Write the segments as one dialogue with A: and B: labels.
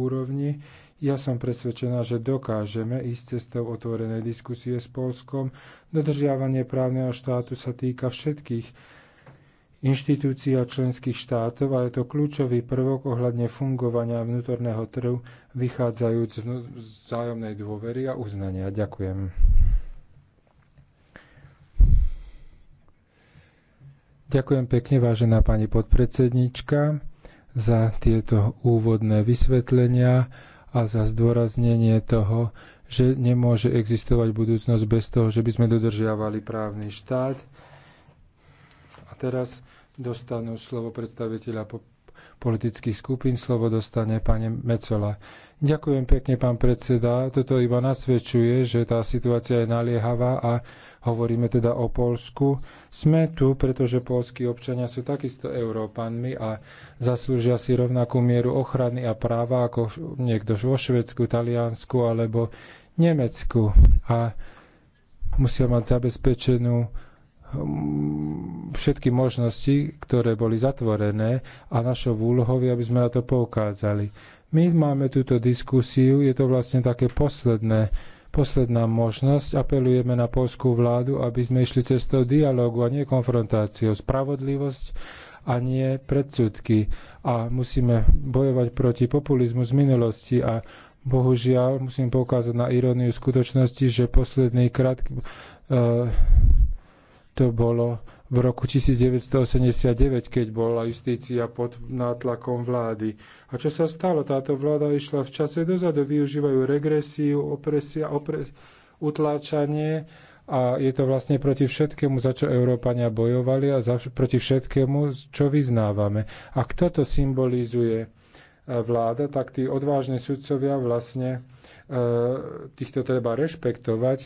A: úrovni. Ja som presvedčená, že dokážeme ísť cestou otvorenej diskusie s Polskom. Dodržiavanie právneho štátu sa týka všetkých inštitúcií a členských štátov a je to kľúčový prvok ohľadne fungovania vnútorného trhu, vychádzajúc z vzájomnej dôvery a uznania. Ďakujem. Ďakujem pekne, vážená pani podpredsednička za tieto úvodné vysvetlenia a za zdôraznenie toho, že nemôže existovať budúcnosť bez toho, že by sme dodržiavali právny štát. A teraz dostanú slovo predstaviteľa politických skupín. Slovo dostane pani Mecola. Ďakujem pekne, pán predseda. Toto iba nasvedčuje, že tá situácia je naliehavá a hovoríme teda o Polsku. Sme tu, pretože polskí občania sú takisto Európanmi a zaslúžia si rovnakú mieru ochrany a práva ako niekto vo Švedsku, Taliansku alebo Nemecku. A musia mať zabezpečenú Hm, všetky možnosti, ktoré boli zatvorené a našou úlohou aby sme na to poukázali. My máme túto diskusiu, je to vlastne také posledné, posledná možnosť. Apelujeme na polskú vládu, aby sme išli cez toho dialogu a nie konfrontáciou. Spravodlivosť a nie predsudky. A musíme bojovať proti populizmu z minulosti a Bohužiaľ, musím poukázať na iróniu skutočnosti, že posledný krát uh, to bolo v roku 1989, keď bola justícia pod nátlakom vlády. A čo sa stalo? Táto vláda išla v čase dozadu, využívajú regresiu, opresia, opres, utláčanie a je to vlastne proti všetkému, za čo Európania bojovali a za, proti všetkému, čo vyznávame. A kto to symbolizuje? E, vláda, tak tí odvážni sudcovia vlastne e, týchto treba rešpektovať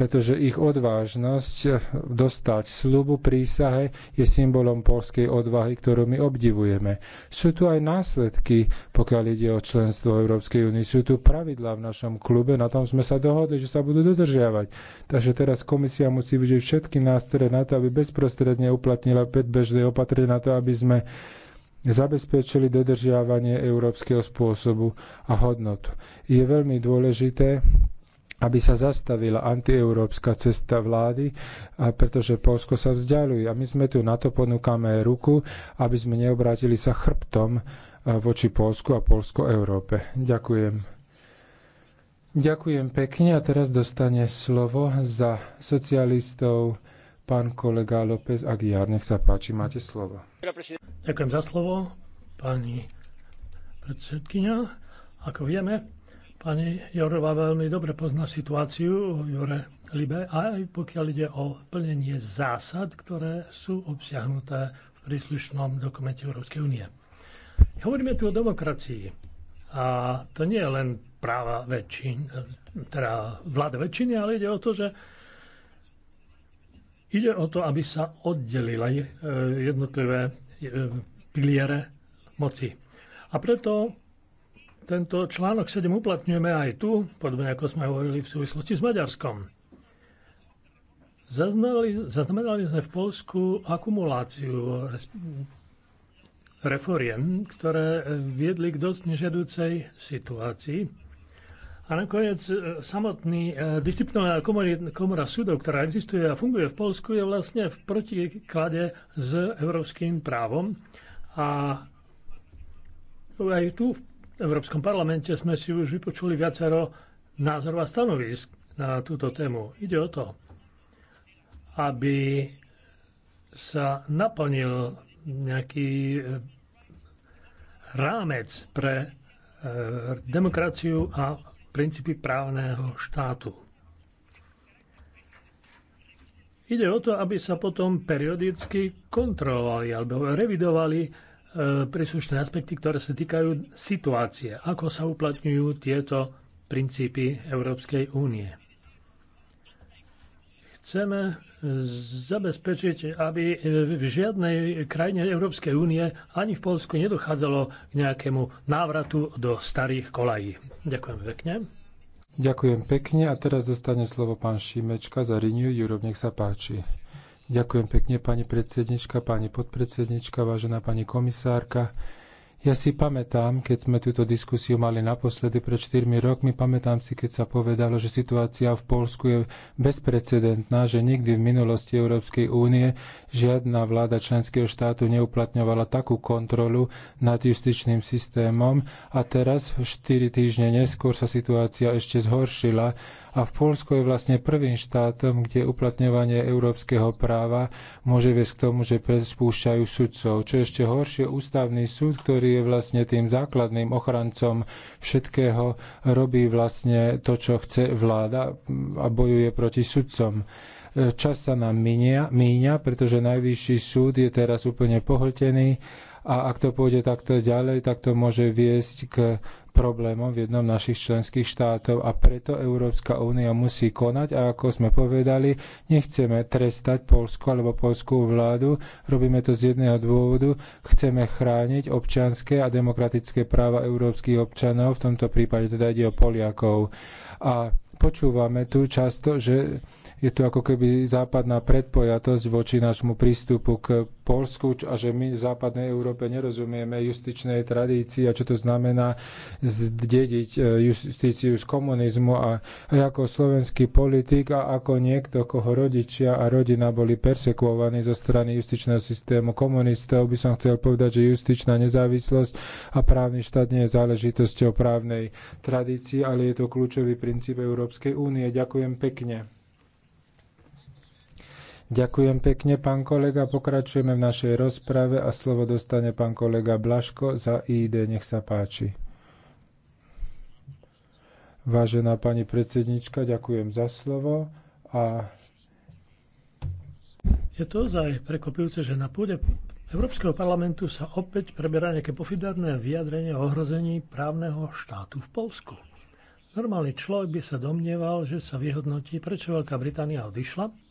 A: pretože ich odvážnosť dostať slubu prísahe je symbolom polskej odvahy, ktorú my obdivujeme. Sú tu aj následky, pokiaľ ide o členstvo Európskej únie. Sú tu pravidlá v našom klube, na tom sme sa dohodli, že sa budú dodržiavať. Takže teraz komisia musí využiť všetky nástroje na to, aby bezprostredne uplatnila predbežné opatrenie na to, aby sme zabezpečili dodržiavanie európskeho spôsobu a hodnotu. Je veľmi dôležité, aby sa zastavila antieurópska cesta vlády, pretože Polsko sa vzdialuje. A my sme tu na to ponúkame ruku, aby sme neobrátili sa chrbtom voči Polsku a Polsko-Európe. Ďakujem. Ďakujem pekne a teraz dostane slovo za socialistov pán kolega López Aguiar. Nech sa páči, máte slovo.
B: Ďakujem za slovo, pani predsedkynia. Ako vieme, Pani Jorová veľmi dobre pozná situáciu v Jure Libe, aj pokiaľ ide o plnenie zásad, ktoré sú obsiahnuté v príslušnom dokumente Európskej únie. Hovoríme tu o demokracii. A to nie je len práva väčšin, teda vláda väčšiny, ale ide o to, že ide o to, aby sa oddelila eh, jednotlivé eh, piliere moci. A preto tento článok 7 uplatňujeme aj tu, podobne ako sme hovorili v súvislosti s Maďarskom. Zaznali, zaznamenali sme v Polsku akumuláciu reforiem, ktoré viedli k dosť nežiaducej situácii. A nakoniec e, samotný e, disciplinárna komora súdov, ktorá existuje a funguje v Polsku, je vlastne v protiklade s európskym právom. A aj tu v Európskom parlamente sme si už vypočuli viacero názorov a stanovisk na túto tému. Ide o to, aby sa naplnil nejaký eh, rámec pre eh, demokraciu a princípy právneho štátu. Ide o to, aby sa potom periodicky kontrolovali alebo revidovali E, príslušné aspekty, ktoré sa týkajú situácie, ako sa uplatňujú tieto princípy Európskej únie. Chceme zabezpečiť, aby v žiadnej krajine Európskej únie ani v Polsku nedochádzalo k nejakému návratu do starých kolají. Ďakujem pekne.
A: Ďakujem pekne a teraz dostane slovo pán Šimečka za Renew Europe. Nech sa páči. Ďakujem pekne, pani predsednička, pani podpredsednička, vážená pani komisárka. Ja si pamätám, keď sme túto diskusiu mali naposledy pred 4 rokmi, pamätám si, keď sa povedalo, že situácia v Polsku je bezprecedentná, že nikdy v minulosti Európskej únie žiadna vláda členského štátu neuplatňovala takú kontrolu nad justičným systémom a teraz 4 týždne neskôr sa situácia ešte zhoršila a v Polsku je vlastne prvým štátom, kde uplatňovanie európskeho práva môže viesť k tomu, že prespúšťajú sudcov. Čo ešte horšie, ústavný súd, ktorý je vlastne tým základným ochrancom všetkého, robí vlastne to, čo chce vláda a bojuje proti sudcom čas sa nám míňa, míňa, pretože najvyšší súd je teraz úplne pohltený a ak to pôjde takto ďalej, tak to môže viesť k problémom v jednom našich členských štátov a preto Európska únia musí konať a ako sme povedali, nechceme trestať Polsku alebo polskú vládu, robíme to z jedného dôvodu, chceme chrániť občanské a demokratické práva európskych občanov, v tomto prípade teda ide o Poliakov. A počúvame tu často, že je tu ako keby západná predpojatosť voči nášmu prístupu k Polsku a že my v západnej Európe nerozumieme justičnej tradícii a čo to znamená zdediť e, justíciu z komunizmu a, ako slovenský politik a ako niekto, koho rodičia a rodina boli persekuovaní zo strany justičného systému komunistov, by som chcel povedať, že justičná nezávislosť a právny štát nie je záležitosťou právnej tradícii, ale je to kľúčový princíp Európskej únie. Ďakujem pekne. Ďakujem pekne, pán kolega. Pokračujeme v našej rozprave a slovo dostane pán kolega Blaško za ID. Nech sa páči. Vážená pani predsednička, ďakujem za slovo. A...
B: Je to ozaj prekvapujúce, že na pôde Európskeho parlamentu sa opäť preberá nejaké pofidárne vyjadrenie o ohrození právneho štátu v Polsku. Normálny človek by sa domnieval, že sa vyhodnotí, prečo Veľká Británia odišla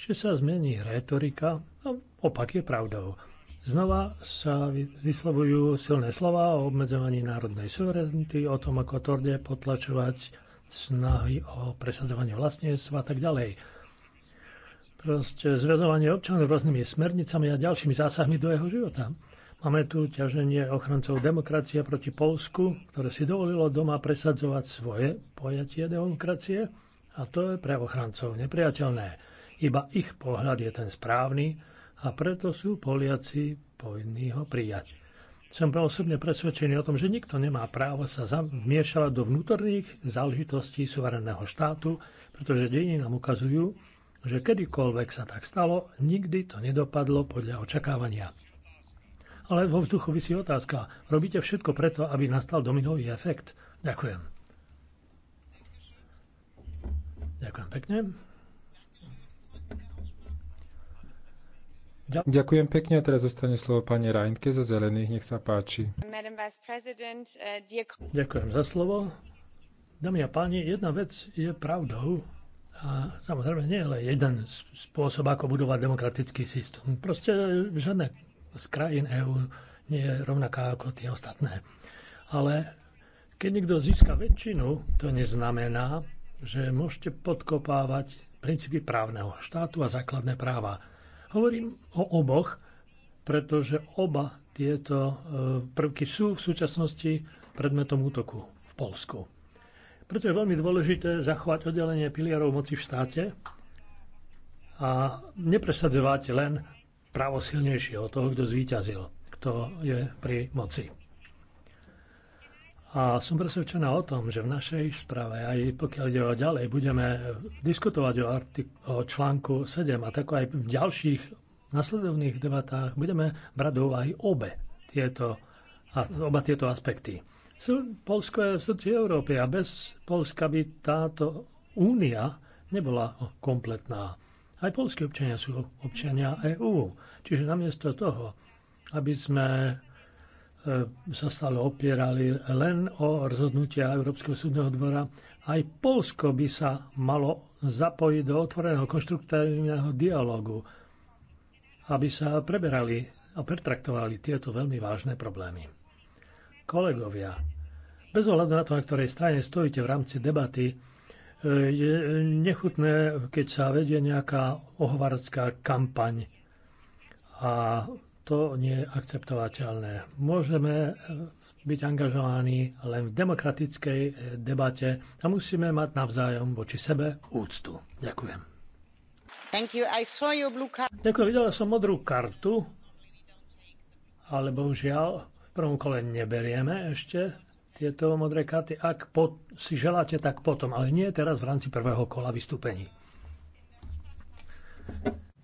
B: že sa zmení retorika a opak je pravdou. Znova sa vyslovujú silné slova o obmedzovaní národnej suverenity, o tom, ako tvrde potlačovať snahy o presadzovanie vlastníctva a tak ďalej. Proste zväzovanie občanov rôznymi smernicami a ďalšími zásahmi do jeho života. Máme tu ťaženie ochrancov demokracie proti Polsku, ktoré si dovolilo doma presadzovať svoje pojatie demokracie a to je pre ochrancov nepriateľné. Iba ich pohľad je ten správny a preto sú Poliaci povinní ho prijať. Som osobne presvedčený o tom, že nikto nemá právo sa vmiešavať do vnútorných záležitostí suvereného štátu, pretože dejiny nám ukazujú, že kedykoľvek sa tak stalo, nikdy to nedopadlo podľa očakávania. Ale vo vzduchu vysí otázka. Robíte všetko preto, aby nastal dominový efekt?
A: Ďakujem. Ďakujem pekne. Ďakujem pekne a teraz zostane slovo pani Rajnke za zelených. Nech sa páči.
C: Eh, Ďakujem za
B: slovo. Dámy a páni, jedna vec je pravdou. A samozrejme nie je len jeden spôsob, ako budovať demokratický systém. Proste žiadne z krajín EÚ nie je rovnaká ako tie ostatné. Ale keď niekto získa väčšinu, to neznamená, že môžete podkopávať princípy právneho štátu a základné práva. Hovorím o oboch, pretože oba tieto e, prvky sú v súčasnosti predmetom útoku v Polsku. Preto je veľmi dôležité zachovať oddelenie pilierov moci v štáte a nepresadzovať len právo silnejšieho, toho, kto zvíťazil, kto je pri moci. A som presvedčená o tom, že v našej správe, aj pokiaľ ide o ďalej, budeme diskutovať o, artik- o článku 7 a tako aj v ďalších nasledovných debatách budeme brať do úvahy obe tieto, oba tieto aspekty. Polsko je v srdci Európy a bez Polska by táto únia nebola kompletná. Aj polskí občania sú občania EÚ. Čiže namiesto toho, aby sme E, sa stále opierali len o rozhodnutia Európskeho súdneho dvora. Aj Polsko by sa malo zapojiť do otvoreného konštruktívneho dialogu, aby sa preberali a pertraktovali tieto veľmi vážne problémy. Kolegovia, bez ohľadu na to, na ktorej strane stojíte v rámci debaty, e, je nechutné, keď sa vedie nejaká ohovaracká kampaň a to nie je akceptovateľné. Môžeme eh, byť angažovaní len v demokratickej eh, debate a musíme mať navzájom voči sebe úctu. Ďakujem.
C: Thank you. I saw your blue card.
B: Ďakujem, videla som modrú kartu, ale bohužiaľ v prvom kole neberieme ešte tieto modré karty. Ak po, si želáte, tak potom, ale nie teraz v rámci prvého kola vystúpení.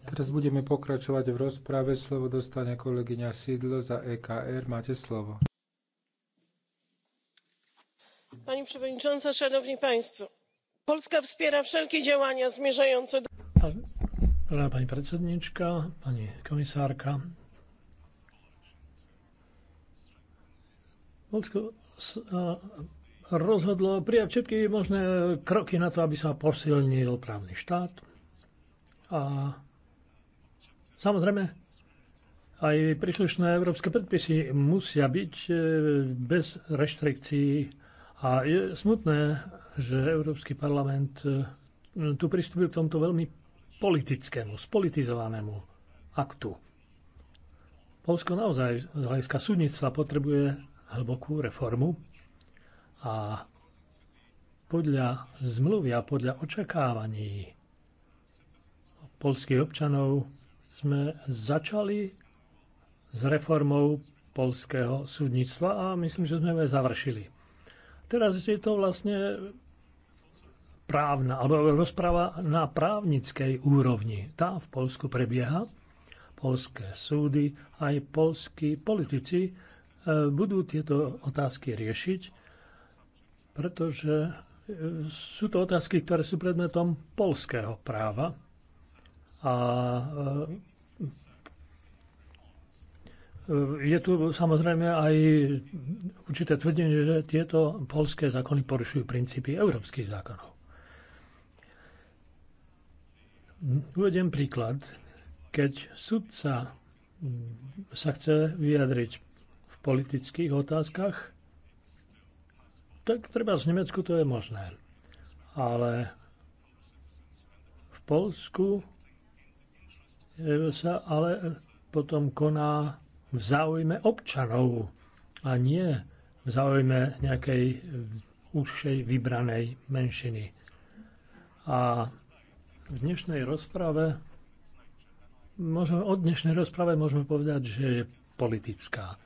A: Teraz budeme pokračovať v rozprave. Slovo dostane kolegyňa Sidlo za EKR. Máte slovo.
B: Pani przewodnicząca, szanowni państwo. Polska wspiera wszelkie działania zmierzające do... Vážená pani predsednička, pani komisárka, Polsko rozhodlo prijať všetky možné kroky na to, aby sa posilnil právny štát a Samozrejme, aj príslušné európske predpisy musia byť e, bez reštrikcií a je smutné, že Európsky parlament e, tu pristúpil k tomto veľmi politickému, spolitizovanému aktu. Polsko naozaj z hľadiska súdnictva potrebuje hlbokú reformu a podľa zmluvy a podľa očakávaní polských občanov sme začali s reformou polského súdnictva a myslím, že sme ju aj završili. Teraz je to vlastne právna, alebo rozpráva na právnickej úrovni. Tá v Polsku prebieha. Polské súdy, aj polskí politici e, budú tieto otázky riešiť, pretože e, sú to otázky, ktoré sú predmetom polského práva a e, je tu samozrejme aj určité tvrdenie, že tieto polské zákony porušujú princípy európskych zákonov. Uvediem príklad. Keď sudca sa chce vyjadriť v politických otázkach, tak treba z Nemecku to je možné. Ale v Polsku sa ale potom koná v záujme občanov a nie v záujme nejakej užšej vybranej menšiny. A v dnešnej rozprave môžeme, o dnešnej rozprave môžeme povedať, že je politická.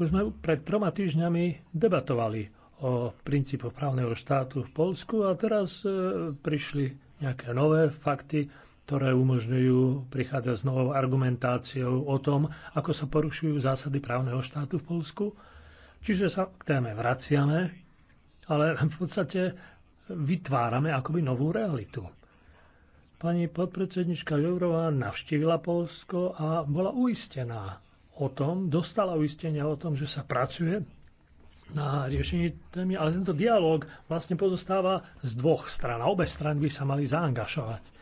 B: Už sme pred troma týždňami debatovali o princípoch právneho štátu v Polsku a teraz e, prišli nejaké nové fakty ktoré umožňujú prichádzať s novou argumentáciou o tom, ako sa porušujú zásady právneho štátu v Polsku. Čiže sa k téme vraciame, ale v podstate vytvárame akoby novú realitu. Pani podpredsednička Jourová navštívila Polsko a bola uistená o tom, dostala uistenia o tom, že sa pracuje na riešení témy, ale tento dialog vlastne pozostáva z dvoch stran. obe strany by sa mali zaangažovať.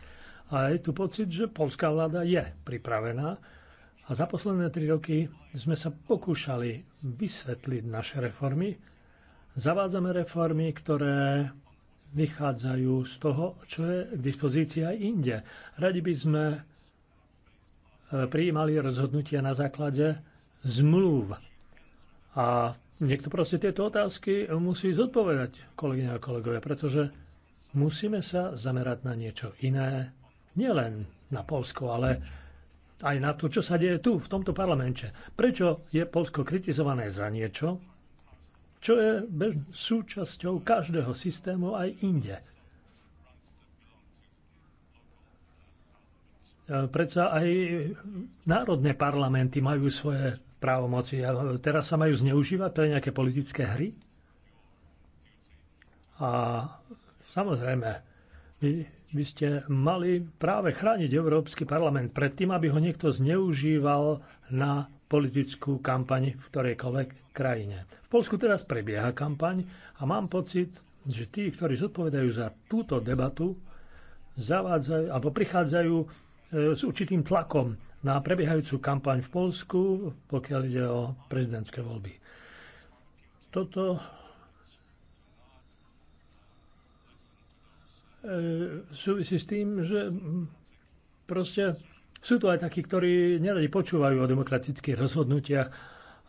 B: A je tu pocit, že polská vláda je pripravená a za posledné tri roky sme sa pokúšali vysvetliť naše reformy. Zavádzame reformy, ktoré vychádzajú z toho, čo je k dispozícii aj inde. Radi by sme e, prijímali rozhodnutia na základe zmluv. A niekto proste tieto otázky musí zodpovedať, kolegyne a kolegovia, pretože musíme sa zamerať na niečo iné, nielen na Polsko, ale aj na to, čo sa deje tu, v tomto parlamente. Prečo je Polsko kritizované za niečo, čo je bez, súčasťou každého systému aj inde. E, predsa aj národné parlamenty majú svoje právomoci a teraz sa majú zneužívať pre nejaké politické hry. A samozrejme, my by ste mali práve chrániť Európsky parlament pred tým, aby ho niekto zneužíval na politickú kampaň v ktorejkoľvek krajine. V Polsku teraz prebieha kampaň a mám pocit, že tí, ktorí zodpovedajú za túto debatu, zavádzajú alebo prichádzajú e, s určitým tlakom na prebiehajúcu kampaň v Polsku, pokiaľ ide o prezidentské voľby. Toto E, súvisí s tým, že mm, proste sú tu aj takí, ktorí neradi počúvajú o demokratických rozhodnutiach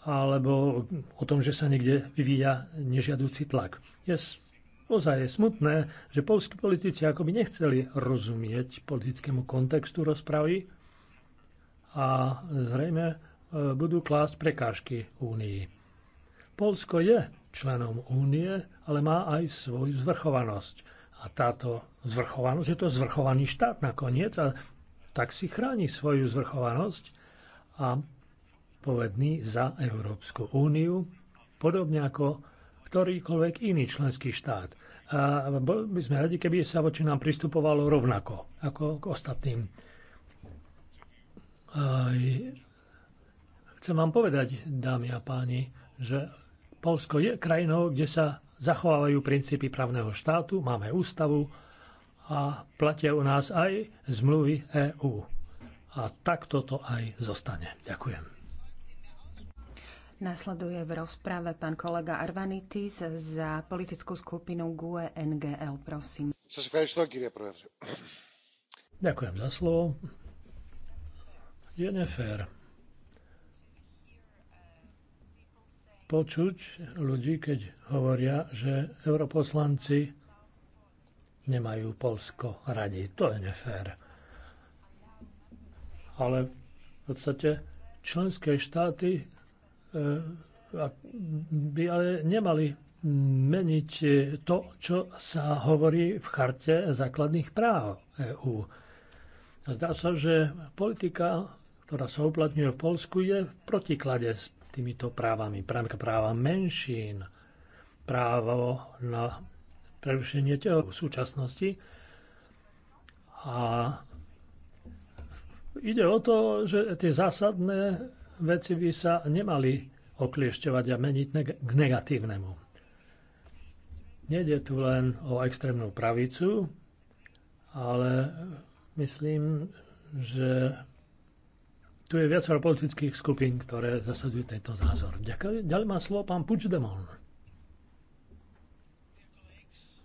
B: alebo o tom, že sa niekde vyvíja nežiadúci tlak. Je ozaj je smutné, že polskí politici akoby nechceli rozumieť politickému kontextu rozpravy a zrejme e, budú klásť prekážky Únii. Polsko je členom Únie, ale má aj svoju zvrchovanosť a táto zvrchovanosť, je to zvrchovaný štát nakoniec a tak si chráni svoju zvrchovanosť a povedný za Európsku úniu, podobne ako ktorýkoľvek iný členský štát. A boli by sme radi, keby sa voči nám pristupovalo rovnako ako k ostatným. Aj, chcem vám povedať, dámy a páni, že Polsko je krajinou, kde sa zachovávajú princípy právneho štátu, máme ústavu a platia u nás aj zmluvy EÚ. A takto to aj zostane. Ďakujem.
C: Nasleduje v rozprave pán kolega Arvanitis za politickú skupinu GUE NGL, prosím. Ďakujem
B: za slovo. Je nefér počuť ľudí, keď hovoria, že europoslanci nemajú Polsko radi. To je nefér. Ale v podstate členské štáty e, by ale nemali meniť to, čo sa hovorí v charte základných práv EÚ. Zdá sa, že politika, ktorá sa uplatňuje v Polsku, je v protiklade s týmito právami. Právka práva menšín, právo na prerušenie teho v súčasnosti. A ide o to, že tie zásadné veci by sa nemali okliešťovať a meniť k negatívnemu. Nede tu len o extrémnu pravicu, ale myslím, že tu je viacero politických skupín, ktoré zasadzujú tento názor. Ďakujem. Ďalej má slovo pán Puigdemont.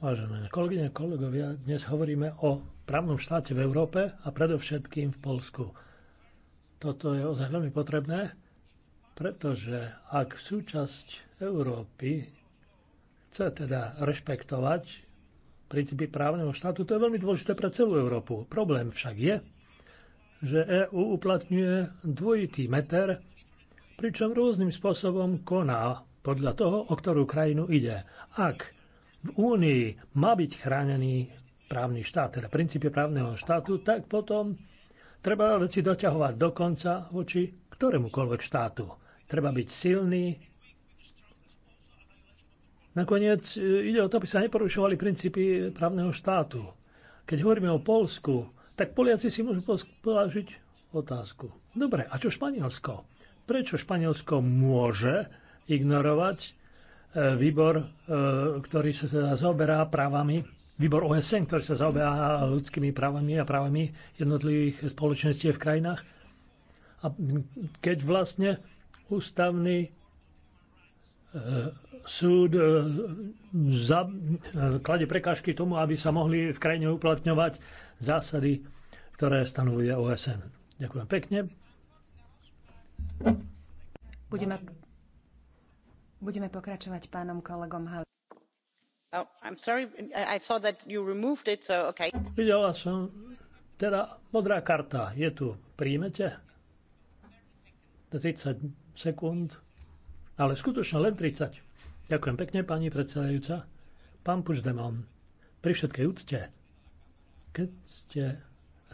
B: Vážené kolegyne, kolegovia, dnes hovoríme o právnom štáte v Európe a predovšetkým v Polsku. Toto je ozaj veľmi potrebné, pretože ak súčasť Európy chce teda rešpektovať princípy právneho štátu, to je veľmi dôležité pre celú Európu. Problém však je, že EÚ uplatňuje dvojitý meter, pričom rôznym spôsobom koná podľa toho, o ktorú krajinu ide. Ak v Únii má byť chránený právny štát, teda princípy právneho štátu, tak potom treba veci doťahovať do konca voči ktorémukoľvek štátu. Treba byť silný. Nakoniec e, ide o to, aby sa neporušovali princípy právneho štátu. Keď hovoríme o Polsku, tak Poliaci si môžu položiť otázku. Dobre, a čo Španielsko? Prečo Španielsko môže ignorovať e, výbor, e, ktorý sa teda zaoberá právami, výbor OSN, ktorý sa zaoberá ľudskými právami a právami jednotlivých spoločenstiev v krajinách. A keď vlastne ústavný e, súd e, za, e, klade prekážky tomu, aby sa mohli v krajine uplatňovať zásady, ktoré stanovuje OSN. Ďakujem pekne.
C: Budeme, budeme pokračovať pánom kolegom Hal. Oh, I'm sorry, I saw that you removed it, so okay. Videla som,
B: teda modrá karta je tu. Príjmete? 30 sekúnd. Ale skutočne len 30. Ďakujem pekne, pani predsedajúca. Pán Puždemon, pri všetkej úcte, keď ste...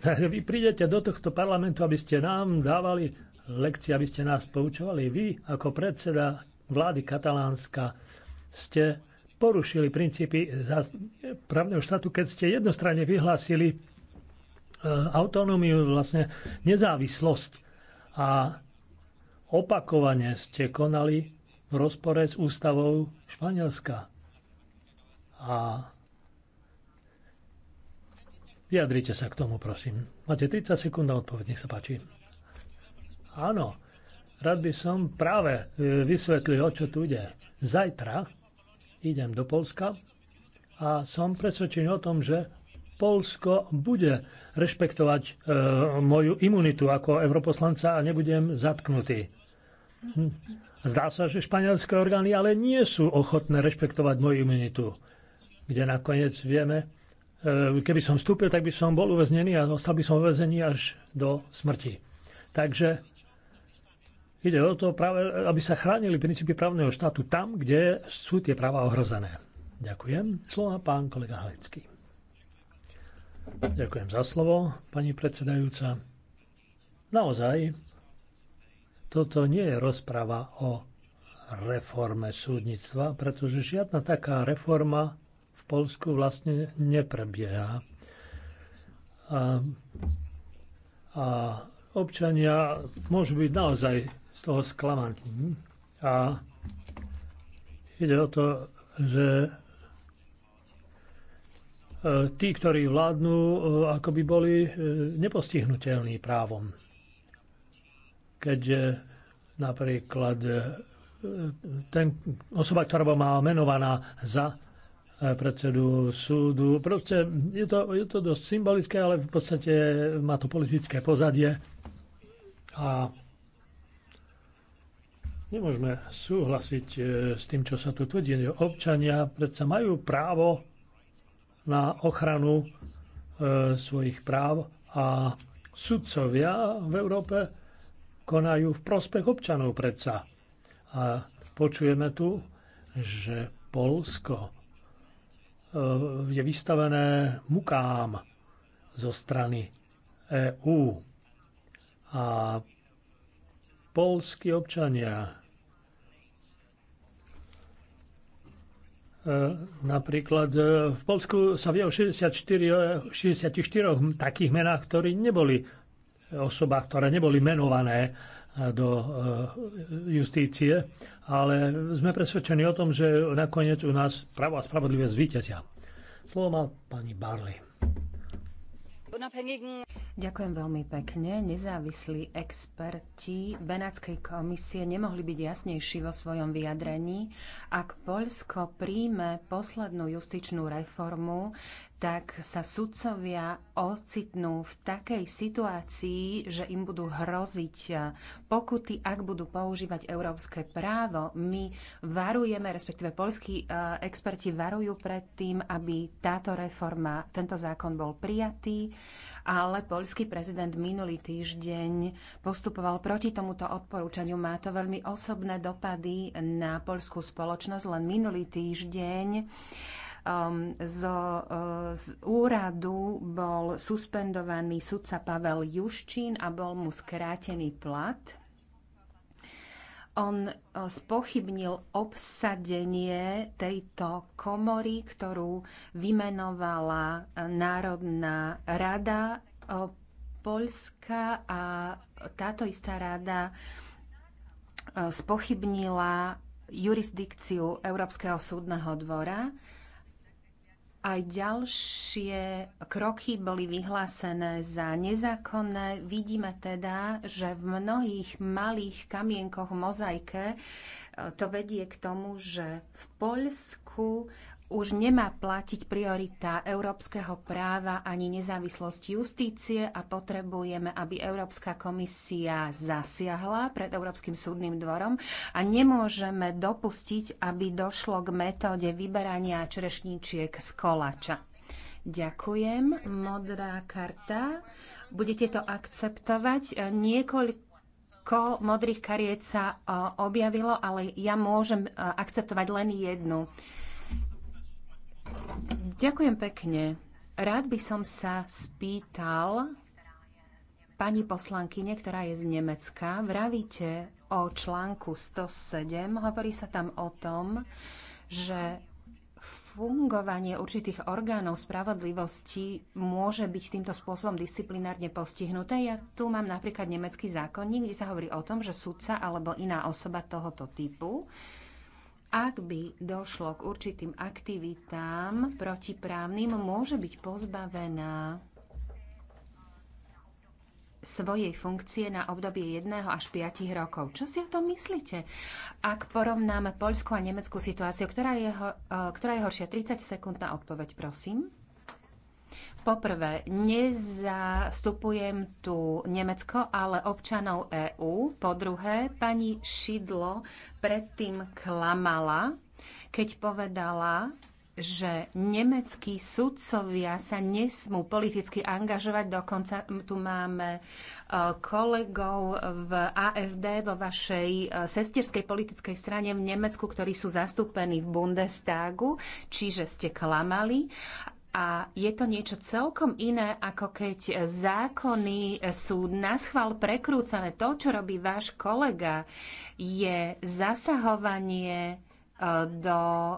B: Vy prídete do tohto parlamentu, aby ste nám dávali lekcie, aby ste nás poučovali. Vy, ako predseda vlády katalánska, ste porušili princípy právneho štátu, keď ste jednostranne vyhlásili e, autonómiu, vlastne nezávislosť. A opakovane ste konali v rozpore s ústavou Španielska. A vyjadrite sa k tomu, prosím. Máte 30 sekúnd na odpoveď, nech sa páči. Áno, rád by som práve e, vysvetlil, o čo tu ide. Zajtra idem do Polska a som presvedčený o tom, že Polsko bude rešpektovať e, moju imunitu ako europoslanca a nebudem zatknutý. Hm. Zdá sa, že španielské orgány ale nie sú ochotné rešpektovať moju imunitu. Kde nakoniec vieme, e, keby som vstúpil, tak by som bol uväznený a zostal by som uväznený až do smrti. Takže ide o to, práve, aby sa chránili princípy právneho štátu tam, kde sú tie práva ohrozené. Ďakujem. Slova pán kolega Halický. Ďakujem za slovo, pani predsedajúca. Naozaj, toto nie je rozprava o reforme súdnictva, pretože žiadna taká reforma v Polsku vlastne neprebieha. A, a občania môžu byť naozaj z toho sklamaní. A ide o to, že e, tí, ktorí vládnu, e, ako by boli e, nepostihnutelní právom keďže napríklad e, ten, osoba, ktorá bola menovaná za e, predsedu súdu. Proste je to, je to dosť symbolické, ale v podstate má to politické pozadie. A nemôžeme súhlasiť e, s tým, čo sa tu tvrdí. Občania predsa majú právo na ochranu e, svojich práv a sudcovia v Európe konajú v prospech občanov predsa. A počujeme tu, že Polsko e, je vystavené mukám zo strany EÚ. A polskí občania e, Napríklad e, v Polsku sa vie o 64, 64 takých menách, ktorí neboli osobách, ktoré neboli menované e, do e, justície, ale sme presvedčení o tom, že nakoniec u nás právo a spravodlivé zvíťazia. Slovo má pani Barley.
C: Ďakujem veľmi pekne. Nezávislí experti Benátskej komisie nemohli byť jasnejší vo svojom vyjadrení. Ak Poľsko príjme poslednú justičnú reformu, tak sa sudcovia ocitnú v takej situácii, že im budú hroziť e, pokuty, ak budú používať európske právo. My varujeme, respektíve polskí e, experti varujú pred tým, aby táto reforma, tento zákon bol prijatý, ale polský prezident minulý týždeň postupoval proti tomuto odporúčaniu. Má to veľmi osobné dopady na polskú spoločnosť. Len minulý týždeň um, zo, uh, z úradu bol suspendovaný sudca Pavel Juščín a bol mu skrátený plat. On uh, spochybnil obsadenie tejto komory, ktorú vymenovala uh, Národná rada Polska, uh, Poľska a táto istá rada spochybnila jurisdikciu Európskeho súdneho dvora aj ďalšie kroky boli vyhlásené za nezákonné. Vidíme teda, že v mnohých malých kamienkoch mozaike e, to vedie k tomu, že v Poľsku už nemá platiť priorita európskeho práva ani nezávislosť justície a potrebujeme, aby Európska komisia zasiahla pred Európskym súdnym dvorom a nemôžeme dopustiť, aby došlo k metóde vyberania čerešníčiek z koláča. Ďakujem. Modrá karta. Budete to akceptovať? Niekoľko modrých kariet sa e, objavilo, ale ja môžem e, akceptovať len jednu. Ďakujem pekne. Rád by som sa spýtal pani poslankyne, ktorá je z Nemecka. Vravíte o článku 107. Hovorí sa tam o tom, že fungovanie určitých orgánov spravodlivosti môže byť týmto spôsobom disciplinárne postihnuté. Ja tu mám napríklad nemecký zákonník, kde sa hovorí o tom, že sudca alebo iná osoba tohoto typu ak by došlo k určitým aktivitám protiprávnym, môže byť pozbavená svojej funkcie na obdobie 1 až 5 rokov. Čo si o tom myslíte? Ak porovnáme poľskú a nemeckú situáciu, ktorá je, e, ktorá je horšia? 30 sekúnd na odpoveď, prosím. Poprvé, nezastupujem tu Nemecko, ale občanov EÚ. Po druhé, pani Šidlo predtým klamala, keď povedala, že nemeckí sudcovia sa nesmú politicky angažovať. Dokonca tu máme e, kolegov v AFD, vo vašej e, sesterskej politickej strane v Nemecku, ktorí sú zastúpení v Bundestagu, čiže ste klamali. A je to niečo celkom iné, ako keď zákony e, sú schvál prekrúcané. To, čo robí váš kolega, je zasahovanie e, do e,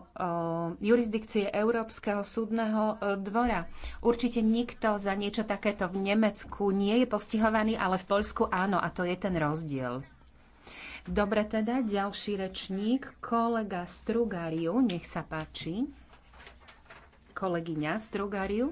C: jurisdikcie Európskeho súdneho dvora. Určite nikto za niečo takéto v Nemecku nie je postihovaný, ale v Poľsku áno, a to je ten rozdiel. Dobre teda, ďalší rečník, kolega Strugariu, nech sa páči kolegyňa Strugariu.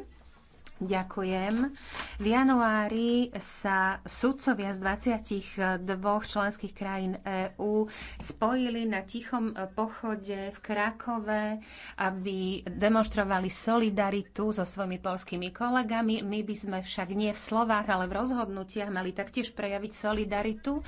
C: Ďakujem. V januári sa sudcovia z 22 členských krajín EÚ spojili na tichom pochode v Krakove, aby demonstrovali solidaritu so svojimi polskými kolegami. My by sme však nie v slovách, ale v rozhodnutiach mali taktiež prejaviť solidaritu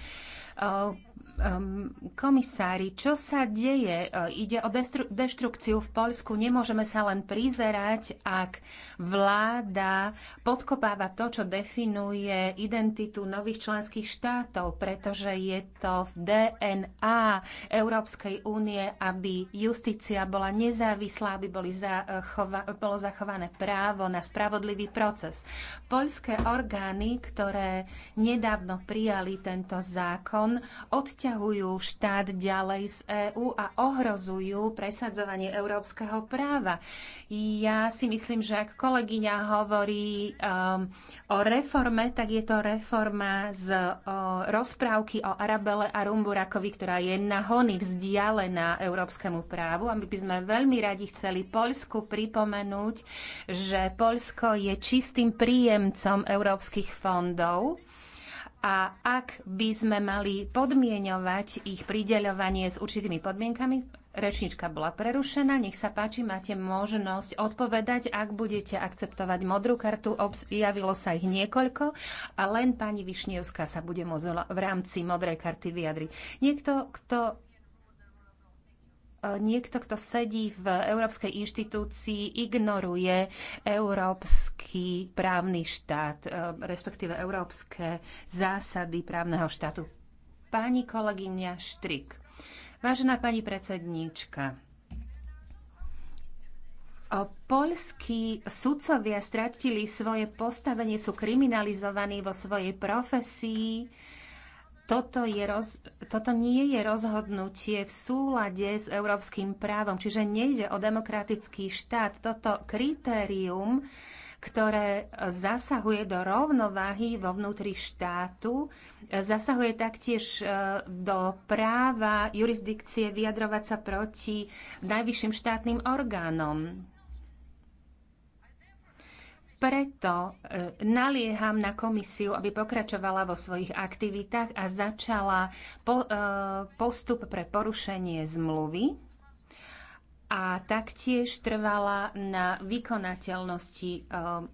C: Ehm, komisári, čo sa deje? E, ide o destru- deštrukciu v Poľsku. Nemôžeme sa len prizerať, ak vláda podkopáva to, čo definuje identitu nových členských štátov, pretože je to v DNA Európskej únie, aby justícia bola nezávislá, aby boli zachova- e, bolo zachované právo na spravodlivý proces. Poľské orgány, ktoré nedávno prijali tento zákon, odťahujú vyťahujú štát ďalej z EÚ a ohrozujú presadzovanie európskeho práva. Ja si myslím, že ak kolegyňa hovorí um, o reforme, tak je to reforma z o, rozprávky o Arabele a Rumburakovi, ktorá je na hony vzdialená európskemu právu. A my by sme veľmi radi chceli Poľsku pripomenúť, že Poľsko je čistým príjemcom európskych fondov a ak by sme mali podmienovať ich prideľovanie s určitými podmienkami, rečnička bola prerušená. Nech sa páči, máte možnosť odpovedať, ak budete akceptovať modrú kartu. objavilo sa ich niekoľko a len pani Višnievská sa bude môcť v rámci modrej karty vyjadriť. Niekto, kto niekto, kto sedí v Európskej inštitúcii, ignoruje európsky právny štát, e, respektíve európske zásady právneho štátu. Pani kolegyňa Štrik, vážená pani predsedníčka, Poľskí sudcovia stratili svoje postavenie, sú kriminalizovaní vo svojej profesii toto, je roz, toto nie je rozhodnutie v súlade s európskym právom, čiže nejde o demokratický štát. Toto kritérium, ktoré zasahuje do rovnováhy vo vnútri štátu, zasahuje taktiež e, do práva jurisdikcie vyjadrovať sa proti najvyšším štátnym orgánom. Preto e, nalieham na komisiu, aby pokračovala vo svojich aktivitách a začala po, e, postup pre porušenie zmluvy a taktiež trvala na vykonateľnosti e,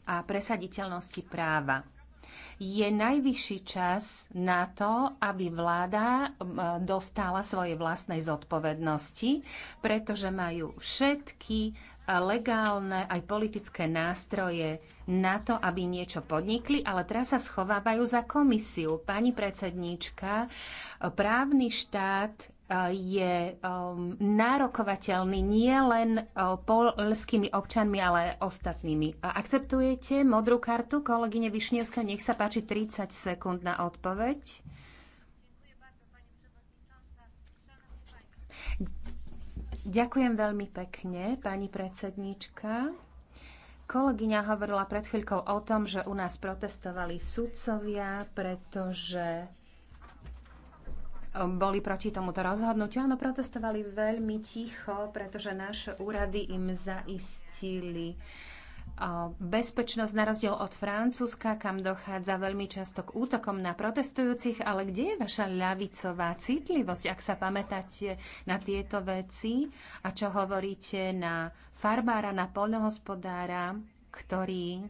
C: a presaditeľnosti práva. Je najvyšší čas na to, aby vláda dostala svoje vlastnej zodpovednosti, pretože majú všetky legálne aj politické nástroje na to, aby niečo podnikli, ale teraz sa schovávajú za komisiu. Pani predsedníčka, právny štát e, je um, nárokovateľný nie len e, polskými občanmi, ale ostatnými. Akceptujete modrú kartu, kolegyne Višňovská? Nech sa páči 30 sekúnd na odpoveď. Ďakujem veľmi pekne, pani predsedníčka. Kolegyňa hovorila pred chvíľkou o tom, že u nás protestovali sudcovia, pretože boli proti tomuto rozhodnutiu. Áno, protestovali veľmi ticho, pretože naše úrady im zaistili bezpečnosť na rozdiel od Francúzska, kam dochádza veľmi často k útokom na protestujúcich, ale kde je vaša ľavicová citlivosť, ak sa pamätáte na tieto veci a čo hovoríte na farbára, na poľnohospodára, ktorý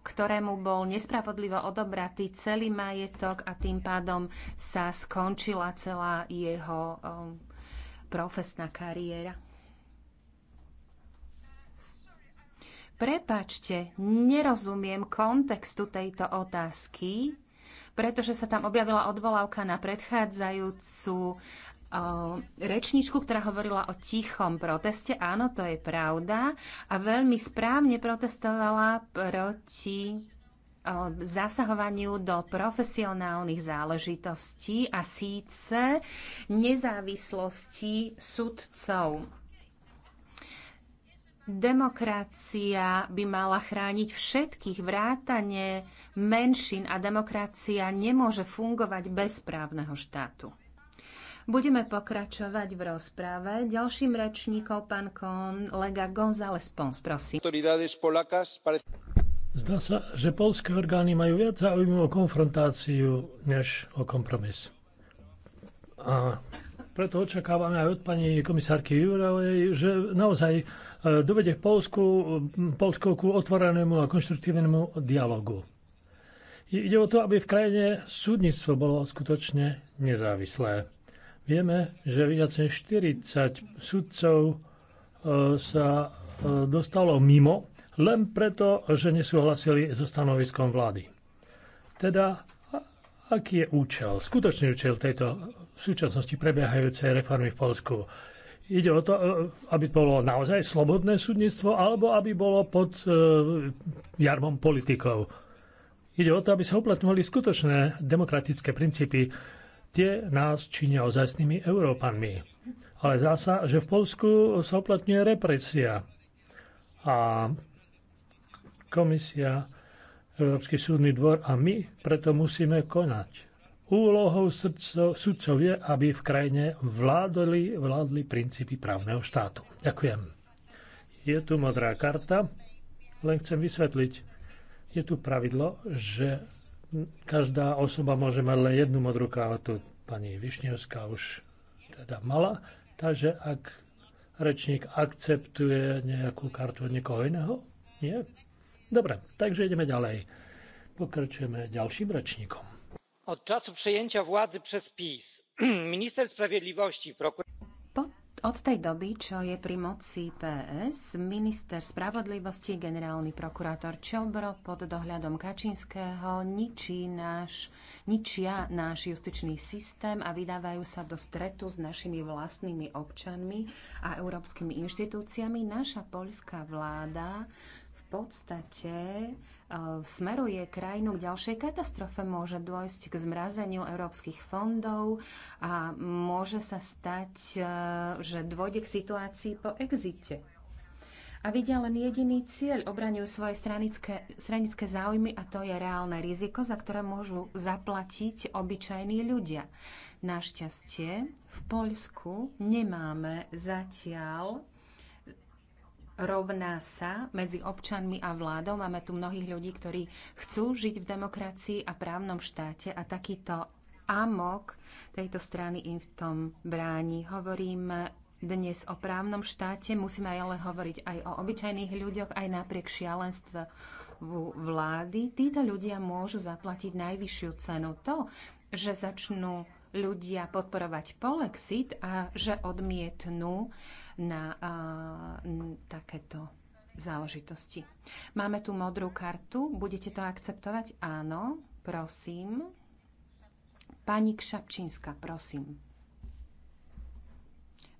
C: ktorému bol nespravodlivo odobratý celý majetok a tým pádom sa skončila celá jeho um, profesná kariéra. Prepačte, nerozumiem kontextu tejto otázky, pretože sa tam objavila odvolávka na predchádzajúcu uh, rečničku, ktorá hovorila o tichom proteste. Áno, to je pravda. A veľmi správne protestovala proti uh, zasahovaniu do profesionálnych záležitostí a síce nezávislosti sudcov. Demokracia by mala chrániť všetkých vrátane menšín a demokracia nemôže fungovať bez právneho štátu. Budeme pokračovať v rozprave. Ďalším rečníkom pán kolega González Pons,
A: prosím.
B: Zdá sa, že polské orgány majú viac záujmu o konfrontáciu než o kompromis. A preto očakávame aj od pani komisárky Jurovej, že naozaj dovede Polsku, Polsku ku otvorenému a konštruktívnemu dialogu. Ide o to, aby v krajine súdnictvo bolo skutočne nezávislé. Vieme, že viac než 40 sudcov e, sa e, dostalo mimo, len preto, že nesúhlasili so stanoviskom vlády. Teda aký je účel, skutočný účel tejto v súčasnosti prebiehajúcej reformy v Polsku? Ide o to, e, aby bolo naozaj slobodné súdnictvo, alebo aby bolo pod e, jarmom politikov. Ide o to, aby sa uplatňovali skutočné demokratické princípy. Tie nás činia ozajstnými Európanmi. Ale zasa, že v Polsku sa uplatňuje represia. A komisia, Európsky súdny dvor a my preto musíme konať. Úlohou sudcov je, aby v krajine vládli, vládli princípy právneho štátu. Ďakujem. Je tu modrá karta, len chcem vysvetliť. Je tu pravidlo, že každá osoba môže mať len jednu modrú kartu. Pani Višňovská už teda mala, takže ak rečník akceptuje nejakú kartu od niekoho iného, nie? Dobre, takže ideme ďalej.
C: Pokračujeme ďalším rečníkom od czasu przejęcia władzy przez PiS minister sprawiedliwości od tej doby, čo je pri moci PS, minister spravodlivosti, generálny prokurátor Čobro pod dohľadom Kačinského ničí náš, ničia náš justičný systém a vydávajú sa do stretu s našimi vlastnými občanmi a európskymi inštitúciami. Naša poľská vláda v podstate E, smeruje krajinu k ďalšej katastrofe. Môže dôjsť k zmrazeniu európskych fondov a môže sa stať, e, že dôjde k situácii po exite a vidia len jediný cieľ, obraňujú svoje stranické, stranické záujmy a to je reálne riziko, za ktoré môžu zaplatiť obyčajní ľudia. Našťastie v Poľsku nemáme zatiaľ rovná sa medzi občanmi a vládou. Máme tu mnohých ľudí, ktorí chcú žiť v demokracii a právnom štáte a takýto amok tejto strany im v tom bráni. Hovorím dnes o právnom štáte, musíme ale hovoriť aj o obyčajných ľuďoch, aj napriek šialenstve vlády. Títo ľudia môžu zaplatiť najvyššiu cenu. To, že začnú ľudia podporovať polexit a že odmietnú uh, na takéto záležitosti. Máme tu modrú kartu. Budete to akceptovať? Áno, prosím. Pani Kšapčínska, prosím.